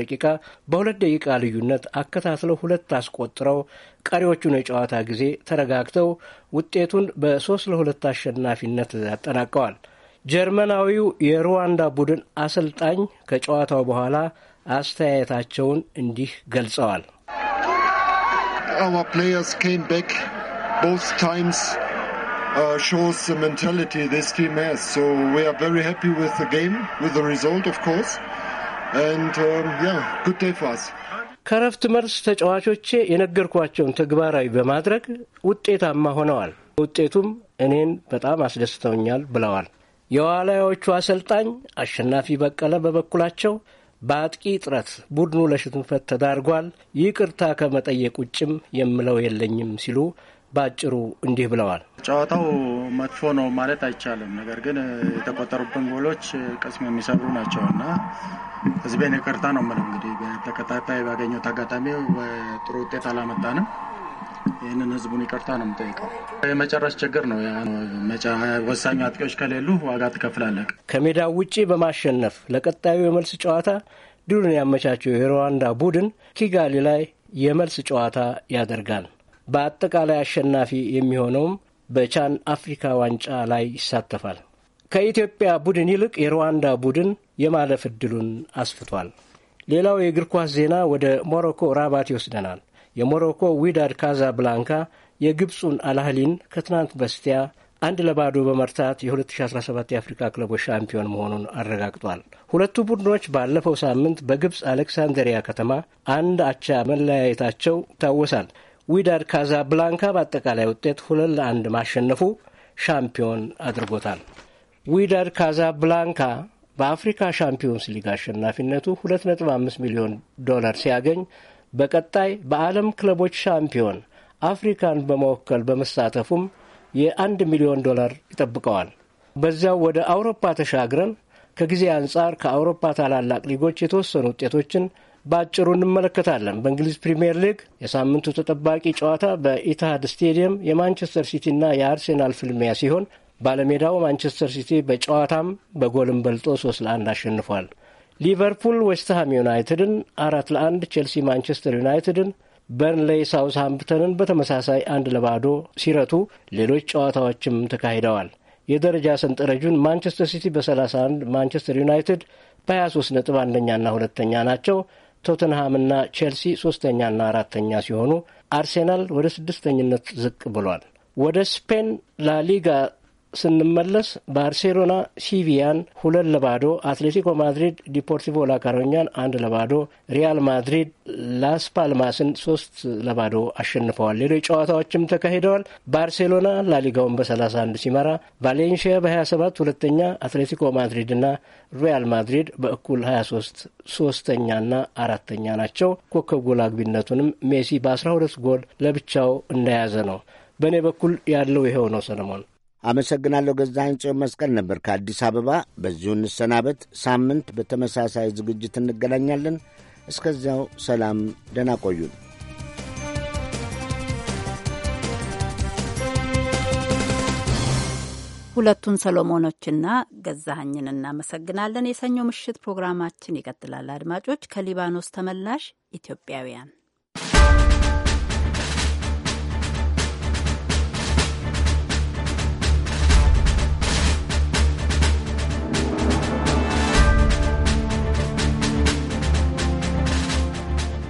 ደቂቃ በሁለት ደቂቃ ልዩነት አከታትለው ሁለት አስቆጥረው ቀሪዎቹን የጨዋታ ጊዜ ተረጋግተው ውጤቱን በሶስት ለሁለት አሸናፊነት አጠናቀዋል። ጀርመናዊው የሩዋንዳ ቡድን አሰልጣኝ ከጨዋታው በኋላ አስተያየታቸውን እንዲህ ገልጸዋል። ከረፍት መልስ ተጫዋቾቼ የነገርኳቸውን ተግባራዊ በማድረግ ውጤታማ ሆነዋል። ውጤቱም እኔን በጣም አስደስተውኛል ብለዋል። የዋልያዎቹ አሰልጣኝ አሸናፊ በቀለ በበኩላቸው በአጥቂ ጥረት ቡድኑ ለሽንፈት ተዳርጓል፣ ይቅርታ ከመጠየቅ ውጭም የምለው የለኝም ሲሉ በአጭሩ እንዲህ ብለዋል። ጨዋታው መጥፎ ነው ማለት አይቻልም። ነገር ግን የተቆጠሩብን ጎሎች ቅስም የሚሰብሩ ናቸው እና ህዝቤን ይቅርታ ነው የምልህ። እንግዲህ በተከታታይ ባገኘው አጋጣሚ ጥሩ ውጤት አላመጣንም። ይህንን ህዝቡን ይቅርታ ነው የምጠይቀው። የመጨረስ ችግር ነው። ወሳኝ አጥቂዎች ከሌሉ ዋጋ ትከፍላለህ። ከሜዳ ውጪ በማሸነፍ ለቀጣዩ የመልስ ጨዋታ ድሉን ያመቻቸው የሩዋንዳ ቡድን ኪጋሊ ላይ የመልስ ጨዋታ ያደርጋል። በአጠቃላይ አሸናፊ የሚሆነውም በቻን አፍሪካ ዋንጫ ላይ ይሳተፋል። ከኢትዮጵያ ቡድን ይልቅ የሩዋንዳ ቡድን የማለፍ እድሉን አስፍቷል። ሌላው የእግር ኳስ ዜና ወደ ሞሮኮ ራባት ይወስደናል። የሞሮኮ ዊዳድ ካዛ ብላንካ የግብፁን አልአህሊን ከትናንት በስቲያ አንድ ለባዶ በመርታት የ2017 የአፍሪካ ክለቦች ሻምፒዮን መሆኑን አረጋግጧል። ሁለቱ ቡድኖች ባለፈው ሳምንት በግብፅ አሌክሳንደሪያ ከተማ አንድ አቻ መለያየታቸው ይታወሳል። ዊዳድ ካዛብላንካ በአጠቃላይ ውጤት ሁለት ለአንድ ማሸነፉ ሻምፒዮን አድርጎታል። ዊዳድ ካዛብላንካ በአፍሪካ ሻምፒዮንስ ሊግ አሸናፊነቱ 2.5 ሚሊዮን ዶላር ሲያገኝ በቀጣይ በዓለም ክለቦች ሻምፒዮን አፍሪካን በመወከል በመሳተፉም የአንድ ሚሊዮን ዶላር ይጠብቀዋል። በዚያው ወደ አውሮፓ ተሻግረን ከጊዜ አንጻር ከአውሮፓ ታላላቅ ሊጎች የተወሰኑ ውጤቶችን በአጭሩ እንመለከታለን። በእንግሊዝ ፕሪምየር ሊግ የሳምንቱ ተጠባቂ ጨዋታ በኢትሃድ ስቴዲየም የማንቸስተር ሲቲና የአርሴናል ፍልሚያ ሲሆን ባለሜዳው ማንቸስተር ሲቲ በጨዋታም በጎልም በልጦ ሶስት ለአንድ አሸንፏል። ሊቨርፑል ዌስትሃም ዩናይትድን አራት ለአንድ፣ ቼልሲ ማንቸስተር ዩናይትድን፣ በርንሌይ ሃምፕተንን በተመሳሳይ አንድ ለባዶ ሲረቱ ሌሎች ጨዋታዎችም ተካሂደዋል። የደረጃ ሰንጠረጁን ማንቸስተር ሲቲ በ31 ማንቸስተር ዩናይትድ በ23 ነጥብ አንደኛና ሁለተኛ ናቸው። ቶተንሃምና ቼልሲ ሶስተኛና አራተኛ ሲሆኑ አርሴናል ወደ ስድስተኝነት ዝቅ ብሏል። ወደ ስፔን ላሊጋ ስንመለስ ባርሴሎና ሲቪያን ሁለት ለባዶ፣ አትሌቲኮ ማድሪድ ዲፖርቲቮ ላካሮኛን አንድ ለባዶ፣ ሪያል ማድሪድ ላስ ፓልማስን ሶስት ለባዶ አሸንፈዋል። ሌሎች ጨዋታዎችም ተካሂደዋል። ባርሴሎና ላሊጋውን በ አንድ ሲመራ፣ ቫሌንሺያ በ27 ሁለተኛ፣ አትሌቲኮ ማድሪድና ሪያል ማድሪድ በእኩል 23 ና አራተኛ ናቸው። ኮከብ ጎል አግቢነቱንም ሜሲ በ12 ጎል ለብቻው እንደያዘ ነው። በእኔ በኩል ያለው ይኸው ነው ሰለሞን። አመሰግናለሁ። ገዛኸኝ ጽዮን መስቀል ነበር ከአዲስ አበባ። በዚሁ እንሰናበት። ሳምንት በተመሳሳይ ዝግጅት እንገናኛለን። እስከዚያው ሰላም፣ ደህና ቆዩን። ሁለቱን ሰሎሞኖችና ገዛኸኝን እናመሰግናለን። የሰኞ ምሽት ፕሮግራማችን ይቀጥላል። አድማጮች ከሊባኖስ ተመላሽ ኢትዮጵያውያን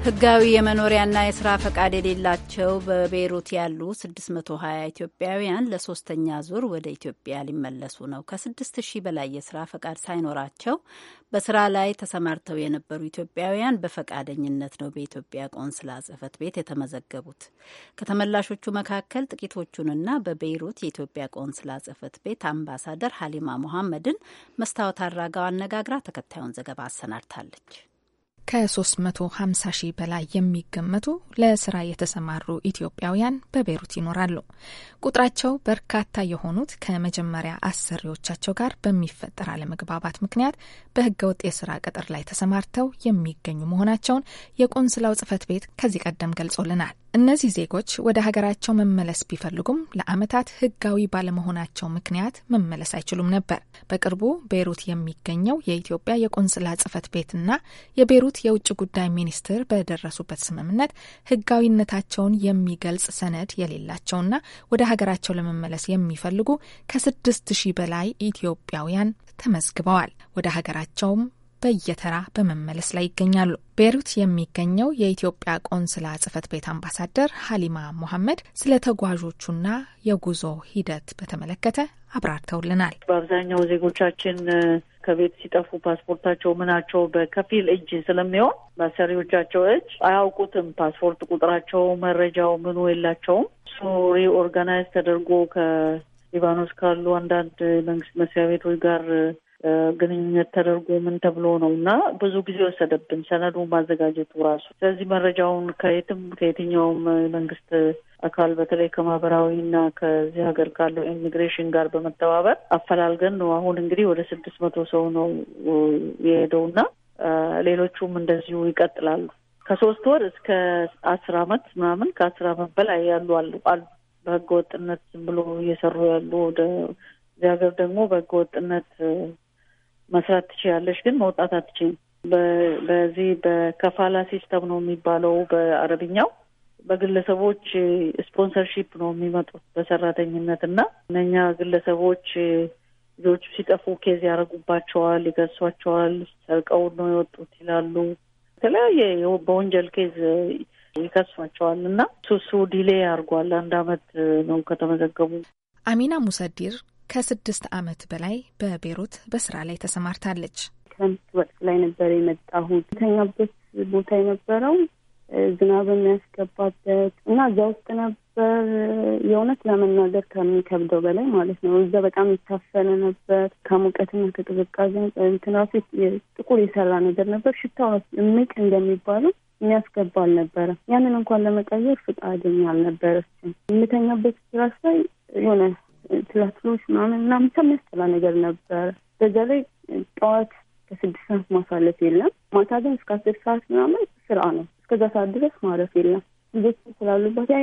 ህጋዊ የመኖሪያና የስራ ፈቃድ የሌላቸው በቤይሩት ያሉ 620 ኢትዮጵያውያን ለሶስተኛ ዙር ወደ ኢትዮጵያ ሊመለሱ ነው። ከስድስት ሺህ በላይ የስራ ፈቃድ ሳይኖራቸው በስራ ላይ ተሰማርተው የነበሩ ኢትዮጵያውያን በፈቃደኝነት ነው በኢትዮጵያ ቆንስላ ጽህፈት ቤት የተመዘገቡት። ከተመላሾቹ መካከል ጥቂቶቹንና በቤይሩት የኢትዮጵያ ቆንስላ ጽህፈት ቤት አምባሳደር ሀሊማ ሙሐመድን መስታወት አድራጋው አነጋግራ ተከታዩን ዘገባ አሰናድታለች። ከ350 ሺህ በላይ የሚገመቱ ለስራ የተሰማሩ ኢትዮጵያውያን በቤሩት ይኖራሉ። ቁጥራቸው በርካታ የሆኑት ከመጀመሪያ አሰሪዎቻቸው ጋር በሚፈጠር አለመግባባት ምክንያት በህገወጥ የስራ ቅጥር ላይ ተሰማርተው የሚገኙ መሆናቸውን የቆንስላው ጽህፈት ቤት ከዚህ ቀደም ገልጾልናል። እነዚህ ዜጎች ወደ ሀገራቸው መመለስ ቢፈልጉም ለአመታት ህጋዊ ባለመሆናቸው ምክንያት መመለስ አይችሉም ነበር። በቅርቡ ቤይሩት የሚገኘው የኢትዮጵያ የቆንስላ ቤት ቤትና የቤይሩት የውጭ ጉዳይ ሚኒስትር በደረሱበት ስምምነት ህጋዊነታቸውን የሚገልጽ ሰነድ የሌላቸውና ወደ ሀገራቸው ለመመለስ የሚፈልጉ ከስድስት ሺህ በላይ ኢትዮጵያውያን ተመዝግበዋል። ወደ ሀገራቸውም በየተራ በመመለስ ላይ ይገኛሉ። ቤሩት የሚገኘው የኢትዮጵያ ቆንስላ ጽህፈት ቤት አምባሳደር ሀሊማ ሙሐመድ ስለ ተጓዦቹና የጉዞ ሂደት በተመለከተ አብራርተውልናል። በአብዛኛው ዜጎቻችን ከቤት ሲጠፉ ፓስፖርታቸው ምናቸው በከፊል እጅ ስለሚሆን በአሰሪዎቻቸው እጅ አያውቁትም። ፓስፖርት ቁጥራቸው፣ መረጃው፣ ምኑ የላቸውም። እሱ ሪኦርጋናይዝ ተደርጎ ከሊባኖስ ካሉ አንዳንድ መንግስት መስሪያ ቤቶች ጋር ግንኙነት ተደርጎ ምን ተብሎ ነው እና ብዙ ጊዜ ወሰደብን ሰነዱ ማዘጋጀቱ ራሱ። ስለዚህ መረጃውን ከየትም ከየትኛውም መንግስት አካል በተለይ ከማህበራዊና ከዚህ ሀገር ካለው ኢሚግሬሽን ጋር በመተባበር አፈላልገን ነው። አሁን እንግዲህ ወደ ስድስት መቶ ሰው ነው የሄደውና ሌሎቹም እንደዚሁ ይቀጥላሉ። ከሶስት ወር እስከ አስር አመት ምናምን ከአስር አመት በላይ ያሉ አሉ አሉ በህገ ወጥነት ዝም ብሎ እየሰሩ ያሉ ወደ እዚህ ሀገር ደግሞ በህገ ወጥነት መስራት ትችያለሽ፣ ግን መውጣት አትችም። በዚህ በከፋላ ሲስተም ነው የሚባለው በአረብኛው። በግለሰቦች ስፖንሰርሺፕ ነው የሚመጡት በሰራተኝነት እና እነኛ ግለሰቦች ልጆቹ ሲጠፉ ኬዝ ያደርጉባቸዋል፣ ይገሷቸዋል። ሰርቀው ነው የወጡት ይላሉ። የተለያየ በወንጀል ኬዝ ይከሷቸዋል እና ሱሱ ዲሌ አድርጓል። አንድ አመት ነው ከተመዘገቡ። አሚና ሙሰዲር ከስድስት ዓመት በላይ በቤሩት በስራ ላይ ተሰማርታለች። ክረምት ወቅት ላይ ነበር የመጣሁት። የተኛበት ቦታ የነበረው ዝናብ የሚያስገባበት እና እዛ ውስጥ ነበር። የእውነት ለመናገር ከሚከብደው በላይ ማለት ነው። እዛ በጣም የታፈነ ነበር። ከሙቀትና ከቅዝቃዜ እንትን ራሱ ጥቁር የሰራ ነገር ነበር። ሽታው እምቅ እንደሚባሉ የሚያስገባ አልነበረ። ያንን እንኳን ለመቀየር ፍቃደኛ አልነበረችም። የምተኛበት ራስ ላይ የሆነ ትላትሎች ምናምን ምናምን ብቻ የሚያስጠላ ነገር ነበር። በዛ ላይ ጠዋት ከስድስት ሰዓት ማሳለፍ የለም ማታ ግን እስከ አስር ሰዓት ምናምን ስራ ነው። እስከዛ ሰዓት ድረስ ማረፍ የለም። ልጆች ስላሉባት ያ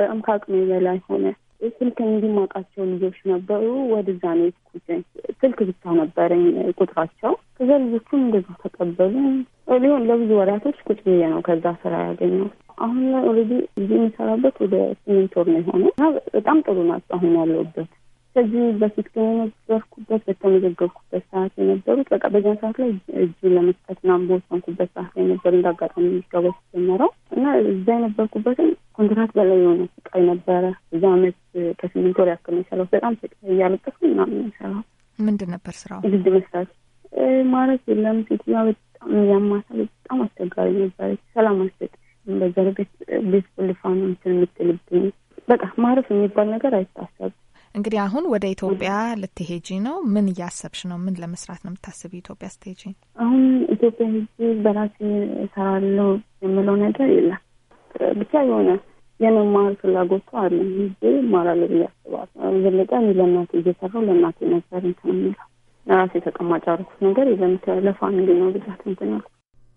በጣም ከአቅሜ በላይ ሆነ። ስልክ እንዲማቃቸው ልጆች ነበሩ። ወደዛ ነው የስኩትን ስልክ ብቻ ነበረኝ ቁጥራቸው። ከዛ ልጆቹም እንደዛ ተቀበሉ። ሊሆን ለብዙ ወራቶች ቁጭ ብዬ ነው ከዛ ስራ ያገኘው። አሁን ላይ ኦልሬዲ እዚህ የሚሰራበት ወደ ስምንት ወር ነው የሆነው እና በጣም ጥሩ ናቸው አሁን ያለውበት ከዚህ በፊት ግን የነበርኩበት በተመዘገብኩበት ሰዓት የነበሩት በቃ በዚያን ሰዓት ላይ እጁ ለመስጠት ና በወሰንኩበት ሰዓት ላይ ነበር እንደ አጋጣሚ የሚገባ ሲጀመረው እና እዛ የነበርኩበትን ኮንትራት በላይ የሆነ ስቃይ ነበረ። እዚ አመት ከስምንት ወር ያክል ነው የሰራሁት። በጣም ስቃይ እያለቀስኩ ምናምን ነው የሰራሁት። ምንድን ነበር ስራው? ግድ መስራት ማለት የለም። ሴትዮዋ በጣም ያማታ፣ በጣም አስቸጋሪ ነበር። ሰላም አስጥ በዘርቤት ቤት ቁልፋ ነው እንትን የምትልብኝ በቃ ማረፍ የሚባል ነገር አይታሰብ እንግዲህ አሁን ወደ ኢትዮጵያ ልትሄጂ ነው። ምን እያሰብሽ ነው? ምን ለመስራት ነው የምታስብ? ኢትዮጵያ ስትሄጂ አሁን ኢትዮጵያ ሄጂ በራሴ እሰራለሁ የምለው ነገር የለም። ብቻ የሆነ የመማር ፍላጎቱ አለ። ሄጄ እማራለሁ ብዬ አስባለሁ። ዘለቀ ለእናቴ እየሰራሁ ለእናቴ ነበር እንትን የምለው ለራሴ ተቀማጭ አደረኩት ነገር የለም። ለፋሚሊ ነው ብዛት እንትን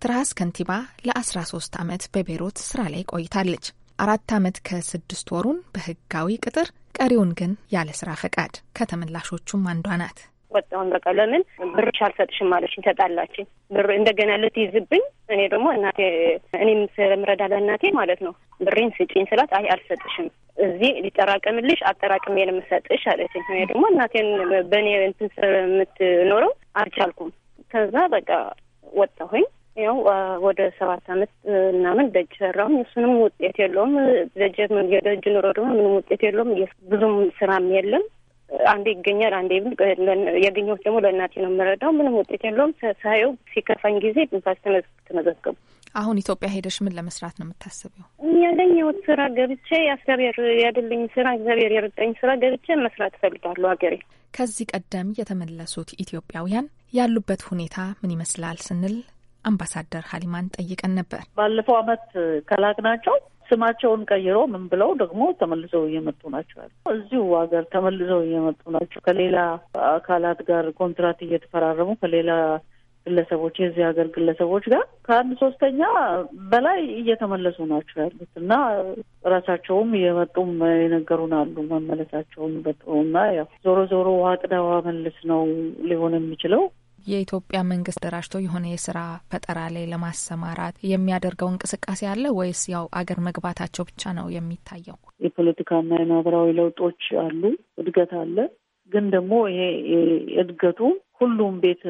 ትራስ ከንቲባ ለአስራ ሶስት አመት በቤሮት ስራ ላይ ቆይታለች። አራት ዓመት ከስድስት ወሩን በህጋዊ ቅጥር፣ ቀሪውን ግን ያለ ስራ ፈቃድ። ከተመላሾቹም አንዷ ናት። ወጣሁን በቃ ለምን ብርሽ አልሰጥሽም አለችኝ። ተጣላችኝ። ብር እንደገና ልትይዝብኝ እኔ ደግሞ እናቴ እኔም ስለምረዳ ለእናቴ ማለት ነው ብሬን ስጪኝ ስላት አይ አልሰጥሽም እዚህ ሊጠራቅምልሽ አጠራቅሜ ነው የምሰጥሽ አለችኝ። እኔ ደግሞ እናቴን በእኔ እንትን ስለምትኖረው አልቻልኩም። ከዛ በቃ ወጣሁኝ። ያው ወደ ሰባት አመት ምናምን ደጅ ሰራሁኝ። እሱንም ውጤት የለውም። ደጅ የደጅ ኑሮ ደግሞ ምንም ውጤት የለውም። ብዙም ስራም የለም። አንዴ ይገኛል፣ አንዴ ያገኘሁት ደግሞ ለእናቴ ነው የምረዳው። ምንም ውጤት የለውም። ሳየው ሲከፋኝ ጊዜ ንፋስ ተመዘገቡ። አሁን ኢትዮጵያ ሄደሽ ምን ለመስራት ነው የምታስበው? ያገኘሁት ስራ ገብቼ እግዚአብሔር ያድልኝ ስራ እግዚአብሔር የርጠኝ ስራ ገብቼ መስራት እፈልጋለሁ ሀገሬ ከዚህ ቀደም የተመለሱት ኢትዮጵያውያን ያሉበት ሁኔታ ምን ይመስላል ስንል አምባሳደር ሀሊማን ጠይቀን ነበር። ባለፈው አመት ከላክ ናቸው ስማቸውን ቀይሮ ምን ብለው ደግሞ ተመልሰው እየመጡ ናቸው ያሉ እዚሁ ሀገር ተመልሰው እየመጡ ናቸው። ከሌላ አካላት ጋር ኮንትራት እየተፈራረሙ ከሌላ ግለሰቦች የዚህ ሀገር ግለሰቦች ጋር ከአንድ ሶስተኛ በላይ እየተመለሱ ናቸው ያሉት እና ራሳቸውም እየመጡም የነገሩን አሉ መመለሳቸውን በጥሩ እና ያው ዞሮ ዞሮ ውሃ ቅዳዋ መልስ ነው ሊሆን የሚችለው የኢትዮጵያ መንግስት ደራጅቶ የሆነ የስራ ፈጠራ ላይ ለማሰማራት የሚያደርገው እንቅስቃሴ አለ ወይስ ያው አገር መግባታቸው ብቻ ነው የሚታየው? የፖለቲካና የማህበራዊ ለውጦች አሉ፣ እድገት አለ። ግን ደግሞ ይሄ እድገቱ ሁሉም ቤት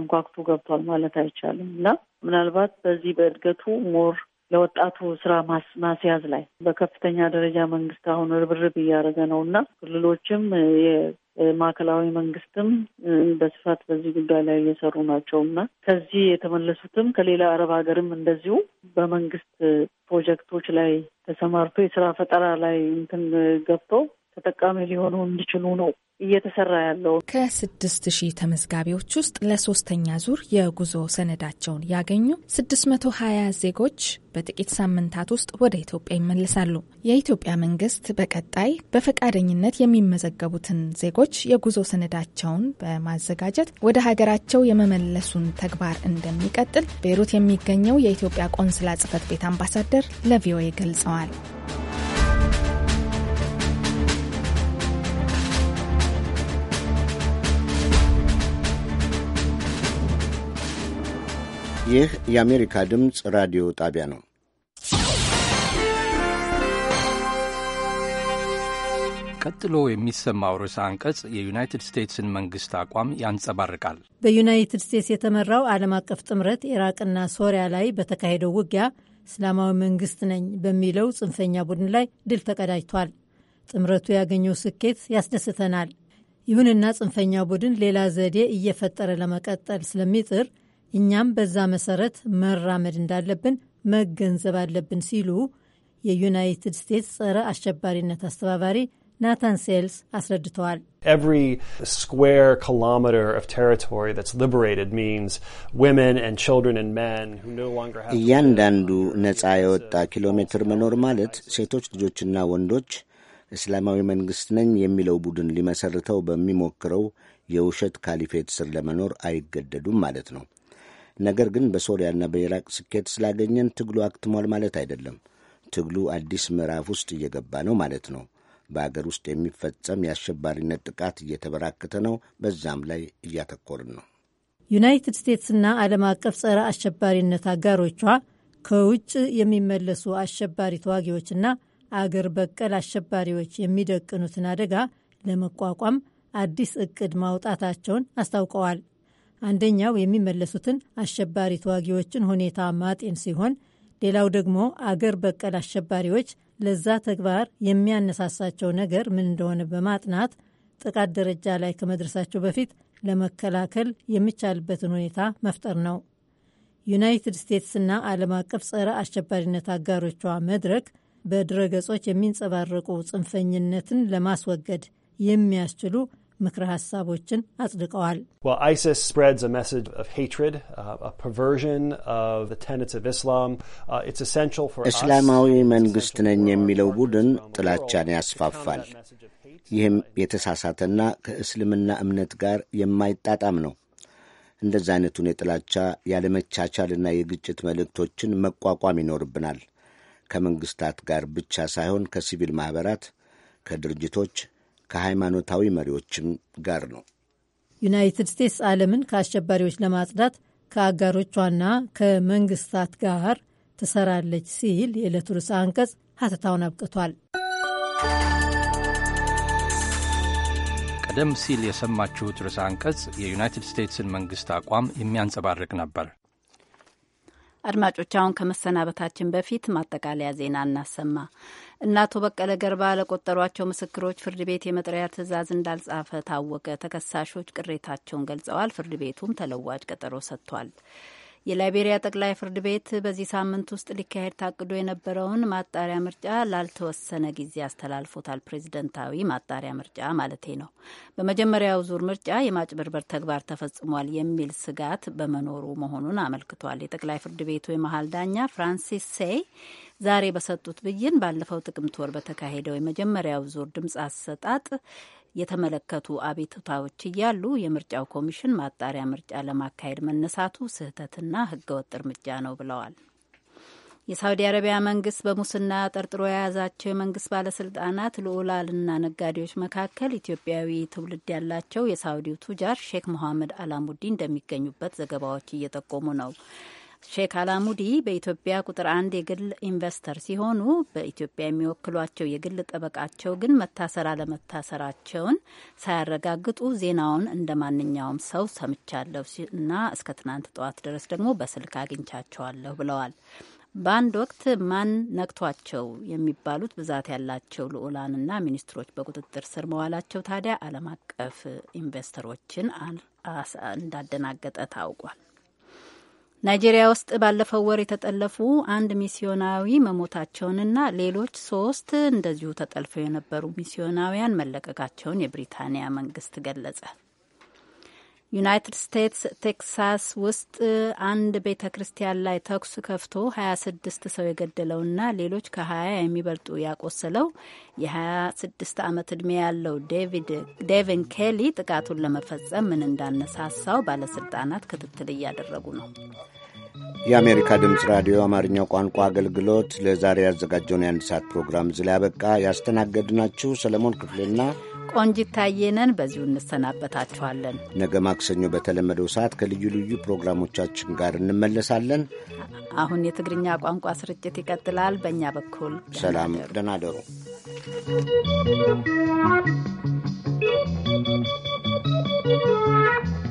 አንኳኩቶ ገብቷል ማለት አይቻልም እና ምናልባት በዚህ በእድገቱ ሞር ለወጣቱ ስራ ማስያዝ ላይ በከፍተኛ ደረጃ መንግስት አሁን ርብርብ እያደረገ ነው እና ክልሎችም ማዕከላዊ መንግስትም በስፋት በዚህ ጉዳይ ላይ እየሰሩ ናቸው እና ከዚህ የተመለሱትም ከሌላ አረብ ሀገርም እንደዚሁ በመንግስት ፕሮጀክቶች ላይ ተሰማርቶ የስራ ፈጠራ ላይ እንትን ገብቶ ተጠቃሚ ሊሆኑ እንዲችሉ ነው እየተሰራ ያለው። ከስድስት ሺህ ተመዝጋቢዎች ውስጥ ለሶስተኛ ዙር የጉዞ ሰነዳቸውን ያገኙ ስድስት መቶ ሀያ ዜጎች በጥቂት ሳምንታት ውስጥ ወደ ኢትዮጵያ ይመለሳሉ። የኢትዮጵያ መንግስት በቀጣይ በፈቃደኝነት የሚመዘገቡትን ዜጎች የጉዞ ሰነዳቸውን በማዘጋጀት ወደ ሀገራቸው የመመለሱን ተግባር እንደሚቀጥል ቤይሩት የሚገኘው የኢትዮጵያ ቆንስላ ጽህፈት ቤት አምባሳደር ለቪኦኤ ገልጸዋል። ይህ የአሜሪካ ድምፅ ራዲዮ ጣቢያ ነው። ቀጥሎ የሚሰማው ርዕሰ አንቀጽ የዩናይትድ ስቴትስን መንግስት አቋም ያንጸባርቃል። በዩናይትድ ስቴትስ የተመራው ዓለም አቀፍ ጥምረት ኢራቅና ሶሪያ ላይ በተካሄደው ውጊያ እስላማዊ መንግስት ነኝ በሚለው ጽንፈኛ ቡድን ላይ ድል ተቀዳጅቷል። ጥምረቱ ያገኘው ስኬት ያስደስተናል። ይሁንና ጽንፈኛ ቡድን ሌላ ዘዴ እየፈጠረ ለመቀጠል ስለሚጥር እኛም በዛ መሰረት መራመድ እንዳለብን መገንዘብ አለብን ሲሉ የዩናይትድ ስቴትስ ጸረ አሸባሪነት አስተባባሪ ናታን ሴልስ አስረድተዋል። እያንዳንዱ ነፃ የወጣ ኪሎ ሜትር መኖር ማለት ሴቶች ልጆችና ወንዶች እስላማዊ መንግስት ነኝ የሚለው ቡድን ሊመሰርተው በሚሞክረው የውሸት ካሊፌት ስር ለመኖር አይገደዱም ማለት ነው። ነገር ግን በሶሪያና በኢራቅ ስኬት ስላገኘን ትግሉ አክትሟል ማለት አይደለም። ትግሉ አዲስ ምዕራፍ ውስጥ እየገባ ነው ማለት ነው። በአገር ውስጥ የሚፈጸም የአሸባሪነት ጥቃት እየተበራከተ ነው። በዛም ላይ እያተኮርን ነው። ዩናይትድ ስቴትስና ዓለም አቀፍ ጸረ አሸባሪነት አጋሮቿ ከውጭ የሚመለሱ አሸባሪ ተዋጊዎችና አገር በቀል አሸባሪዎች የሚደቅኑትን አደጋ ለመቋቋም አዲስ እቅድ ማውጣታቸውን አስታውቀዋል። አንደኛው የሚመለሱትን አሸባሪ ተዋጊዎችን ሁኔታ ማጤን ሲሆን፣ ሌላው ደግሞ አገር በቀል አሸባሪዎች ለዛ ተግባር የሚያነሳሳቸው ነገር ምን እንደሆነ በማጥናት ጥቃት ደረጃ ላይ ከመድረሳቸው በፊት ለመከላከል የሚቻልበትን ሁኔታ መፍጠር ነው። ዩናይትድ ስቴትስና ዓለም አቀፍ ጸረ አሸባሪነት አጋሮቿ መድረክ በድረገጾች የሚንጸባረቁ ጽንፈኝነትን ለማስወገድ የሚያስችሉ ምክረ ሀሳቦችን አጽድቀዋል። uh, uh, እስላማዊ መንግስት ነኝ የሚለው ቡድን ጥላቻን ያስፋፋል። ይህም የተሳሳተና ከእስልምና እምነት ጋር የማይጣጣም ነው። እንደዚህ አይነቱን የጥላቻ ያለመቻቻልና የግጭት መልእክቶችን መቋቋም ይኖርብናል። ከመንግስታት ጋር ብቻ ሳይሆን ከሲቪል ማኅበራት፣ ከድርጅቶች ከሃይማኖታዊ መሪዎችም ጋር ነው። ዩናይትድ ስቴትስ ዓለምን ከአሸባሪዎች ለማጽዳት ከአጋሮቿና ከመንግስታት ጋር ትሰራለች ሲል የዕለቱ ርዕሰ አንቀጽ ሀተታውን አብቅቷል። ቀደም ሲል የሰማችሁት ርዕሰ አንቀጽ የዩናይትድ ስቴትስን መንግስት አቋም የሚያንጸባርቅ ነበር። አድማጮች፣ አሁን ከመሰናበታችን በፊት ማጠቃለያ ዜና እናሰማ። እና አቶ በቀለ ገርባ ለቆጠሯቸው ምስክሮች ፍርድ ቤት የመጥሪያ ትዕዛዝ እንዳልጻፈ ታወቀ። ተከሳሾች ቅሬታቸውን ገልጸዋል። ፍርድ ቤቱም ተለዋጭ ቀጠሮ ሰጥቷል። የላይቤሪያ ጠቅላይ ፍርድ ቤት በዚህ ሳምንት ውስጥ ሊካሄድ ታቅዶ የነበረውን ማጣሪያ ምርጫ ላልተወሰነ ጊዜ አስተላልፎታል። ፕሬዝደንታዊ ማጣሪያ ምርጫ ማለቴ ነው። በመጀመሪያው ዙር ምርጫ የማጭበርበር ተግባር ተፈጽሟል የሚል ስጋት በመኖሩ መሆኑን አመልክቷል። የጠቅላይ ፍርድ ቤቱ የመሀል ዳኛ ፍራንሲስ ሴይ ዛሬ በሰጡት ብይን ባለፈው ጥቅምት ወር በተካሄደው የመጀመሪያው ዙር ድምፅ አሰጣጥ የተመለከቱ አቤቱታዎች እያሉ የምርጫው ኮሚሽን ማጣሪያ ምርጫ ለማካሄድ መነሳቱ ስህተትና ሕገወጥ እርምጃ ነው ብለዋል። የሳውዲ አረቢያ መንግስት በሙስና ጠርጥሮ የያዛቸው የመንግስት ባለስልጣናት ልዑላልና ነጋዴዎች መካከል ኢትዮጵያዊ ትውልድ ያላቸው የሳውዲው ቱጃር ሼክ መሐመድ አላሙዲ እንደሚገኙበት ዘገባዎች እየጠቆሙ ነው። ሼክ አላሙዲ በኢትዮጵያ ቁጥር አንድ የግል ኢንቨስተር ሲሆኑ በኢትዮጵያ የሚወክሏቸው የግል ጠበቃቸው ግን መታሰር አለመታሰራቸውን ሳያረጋግጡ ዜናውን እንደ ማንኛውም ሰው ሰምቻለሁ እና እስከ ትናንት ጠዋት ድረስ ደግሞ በስልክ አግኝቻቸዋለሁ ብለዋል። በአንድ ወቅት ማን ነክቷቸው የሚባሉት ብዛት ያላቸው ልዑላንና ሚኒስትሮች በቁጥጥር ስር መዋላቸው ታዲያ ዓለም አቀፍ ኢንቨስተሮችን እንዳደናገጠ ታውቋል። ናይጄሪያ ውስጥ ባለፈው ወር የተጠለፉ አንድ ሚስዮናዊ መሞታቸውንና ሌሎች ሶስት እንደዚሁ ተጠልፈው የነበሩ ሚስዮናውያን መለቀቃቸውን የብሪታንያ መንግስት ገለጸ። ዩናይትድ ስቴትስ ቴክሳስ ውስጥ አንድ ቤተ ክርስቲያን ላይ ተኩስ ከፍቶ 26 ሰው የገደለውና ሌሎች ከ20 የሚበልጡ ያቆሰለው የ26 ዓመት ዕድሜ ያለው ዴቪን ኬሊ ጥቃቱን ለመፈጸም ምን እንዳነሳሳው ባለስልጣናት ክትትል እያደረጉ ነው። የአሜሪካ ድምፅ ራዲዮ አማርኛው ቋንቋ አገልግሎት ለዛሬ ያዘጋጀውን የአንድ ሰዓት ፕሮግራም እዚህ ላይ አበቃ። ያስተናገድናችሁ ሰለሞን ክፍሌና ቆንጂት ታየነን በዚሁ እንሰናበታችኋለን። ነገ ማክሰኞ በተለመደው ሰዓት ከልዩ ልዩ ፕሮግራሞቻችን ጋር እንመለሳለን። አሁን የትግርኛ ቋንቋ ስርጭት ይቀጥላል። በእኛ በኩል ሰላም፣ ደህና ደሩ። Thank you.